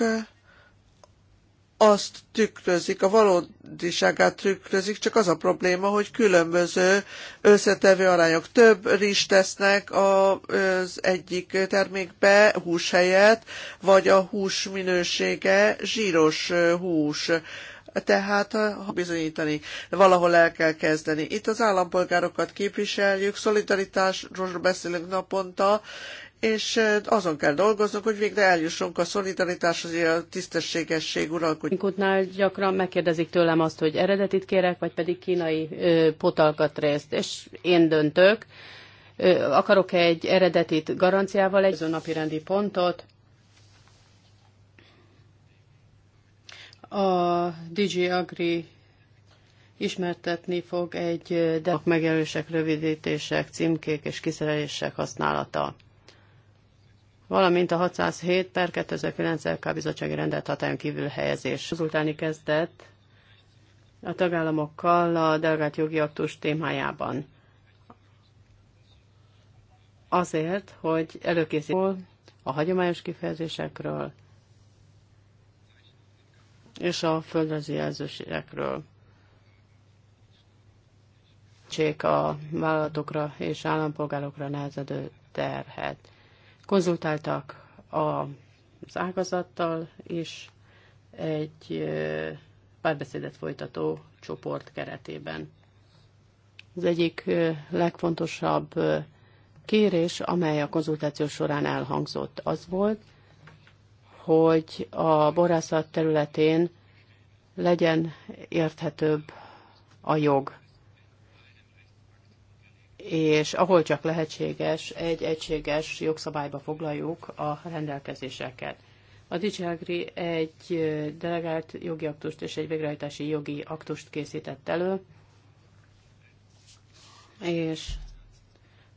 azt tükrözik, a valódiságát tükrözik, csak az a probléma, hogy különböző összetevő arányok. Több rizs tesznek az egyik termékbe hús helyett, vagy a hús minősége zsíros hús tehát ha bizonyítani, valahol el kell kezdeni. Itt az állampolgárokat képviseljük, szolidaritásról beszélünk naponta, és azon kell dolgoznunk, hogy végre eljussunk a szolidaritáshoz, a tisztességesség uralkodjék. Kutnál gyakran megkérdezik tőlem azt, hogy eredetit kérek, vagy pedig kínai ö, potalkatrészt, és én döntök. akarok -e egy eredetit garanciával, egy napi rendi pontot, a DG Agri ismertetni fog egy de megerősek, rövidítések, címkék és kiszerelések használata valamint a 607 per 2009 LK bizottsági rendelet hatályon kívül helyezés. Konzultálni kezdett a tagállamokkal a delegált jogi aktus témájában. Azért, hogy előkészítjük a hagyományos kifejezésekről és a földrajzi jelzőségekről. Csék a vállalatokra és állampolgárokra nehezedő terhet. Konzultáltak az ágazattal, és egy párbeszédet folytató csoport keretében. Az egyik legfontosabb kérés, amely a konzultáció során elhangzott, az volt, hogy a borászat területén legyen érthetőbb a jog és ahol csak lehetséges, egy egységes jogszabályba foglaljuk a rendelkezéseket. A Dicságri egy delegált jogi aktust és egy végrehajtási jogi aktust készített elő, és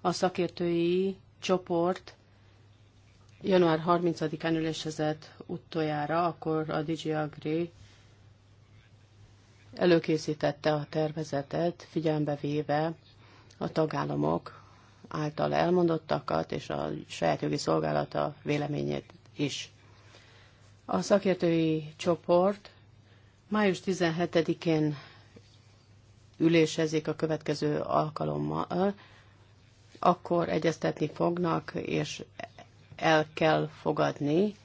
a szakértői csoport január 30-án ülésezett utoljára, akkor a Digiagri előkészítette a tervezetet, figyelembe véve a tagállamok által elmondottakat és a saját jogi szolgálata véleményét is. A szakértői csoport május 17-én ülésezik a következő alkalommal, akkor egyeztetni fognak, és el kell fogadni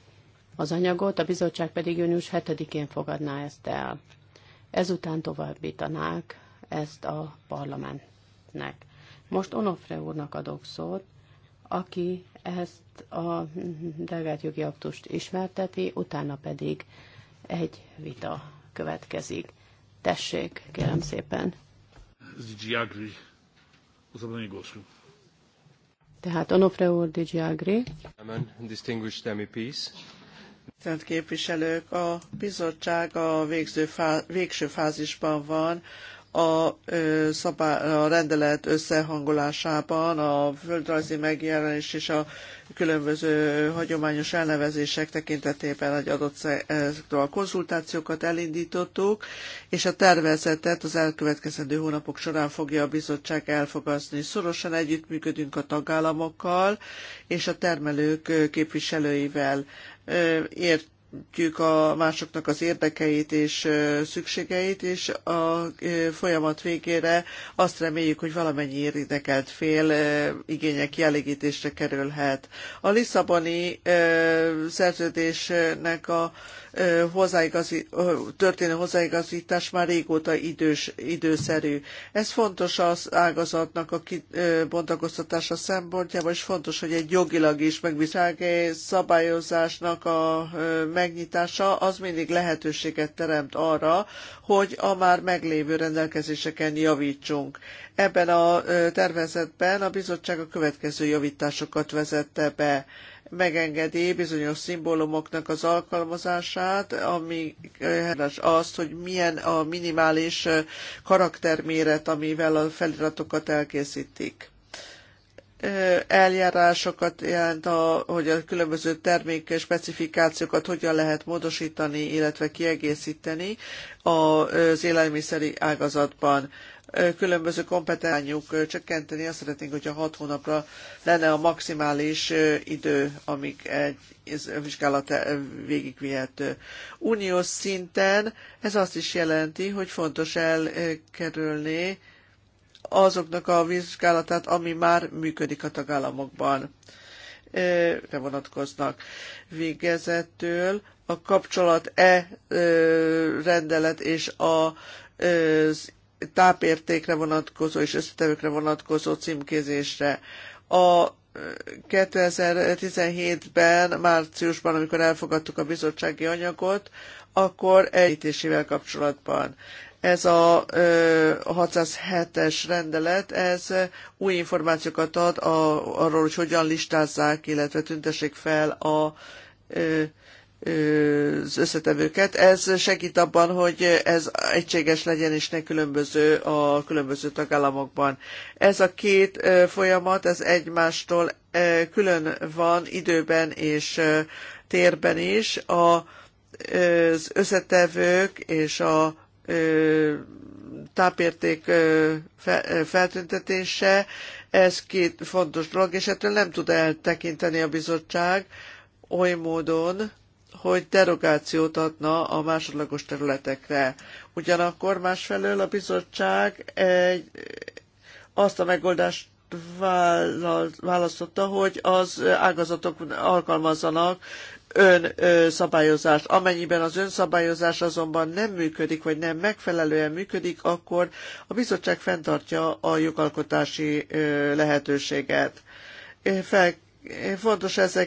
az anyagot, a bizottság pedig június 7-én fogadná ezt el. Ezután továbbítanák ezt a parlament lehetnek. Most Onofre úrnak adok szót, aki ezt a delegált jogi aktust ismerteti, utána pedig egy vita következik. Tessék, kérem szépen. Tehát Onofre úr, Digi Agri. Tisztelt képviselők, a bizottság a végző fá, végső fázisban van a, szabá a rendelet összehangolásában a földrajzi megjelenés és a különböző hagyományos elnevezések tekintetében egy adott e, szektorral konzultációkat elindítottuk, és a tervezetet az elkövetkezendő hónapok során fogja a bizottság elfogadni. Szorosan együttműködünk a tagállamokkal és a termelők képviselőivel. Ért értjük a másoknak az érdekeit és szükségeit, és a folyamat végére azt reméljük, hogy valamennyi érdekelt fél igények kielégítésre kerülhet. A Lisszaboni szerződésnek a hozzáigazi, történő hozzáigazítás már régóta idős, időszerű. Ez fontos az ágazatnak a kibontakoztatása szempontjából, és fontos, hogy egy jogilag is megbízható szabályozásnak a meg megnyitása az mindig lehetőséget teremt arra, hogy a már meglévő rendelkezéseken javítsunk. Ebben a tervezetben a bizottság a következő javításokat vezette be megengedi bizonyos szimbólumoknak az alkalmazását, ami azt, hogy milyen a minimális karakterméret, amivel a feliratokat elkészítik eljárásokat, jelent a, hogy a különböző termék specifikációkat hogyan lehet módosítani, illetve kiegészíteni az élelmiszeri ágazatban különböző kompetenciájuk csökkenteni. Azt szeretnénk, hogyha hat hónapra lenne a maximális idő, amíg egy vizsgálat végigvihető. Uniós szinten ez azt is jelenti, hogy fontos elkerülni azoknak a vizsgálatát, ami már működik a tagállamokban re vonatkoznak. végezettől a kapcsolat E rendelet és a tápértékre vonatkozó és összetevőkre vonatkozó címkézésre. A 2017-ben, márciusban, amikor elfogadtuk a bizottsági anyagot, akkor elítésével kapcsolatban. Ez a 607-es rendelet, ez új információkat ad a, arról, hogy hogyan listázzák, illetve tüntessék fel a az összetevőket. Ez segít abban, hogy ez egységes legyen és ne különböző a különböző tagállamokban. Ez a két folyamat, ez egymástól külön van időben és térben is. Az összetevők és a tápérték feltüntetése, ez két fontos dolog, és ettől nem tud eltekinteni a bizottság oly módon, hogy derogációt adna a másodlagos területekre. Ugyanakkor másfelől a bizottság egy, azt a megoldást választotta, hogy az ágazatok alkalmazzanak önszabályozást. Amennyiben az önszabályozás azonban nem működik, vagy nem megfelelően működik, akkor a bizottság fenntartja a jogalkotási lehetőséget. fontos ezek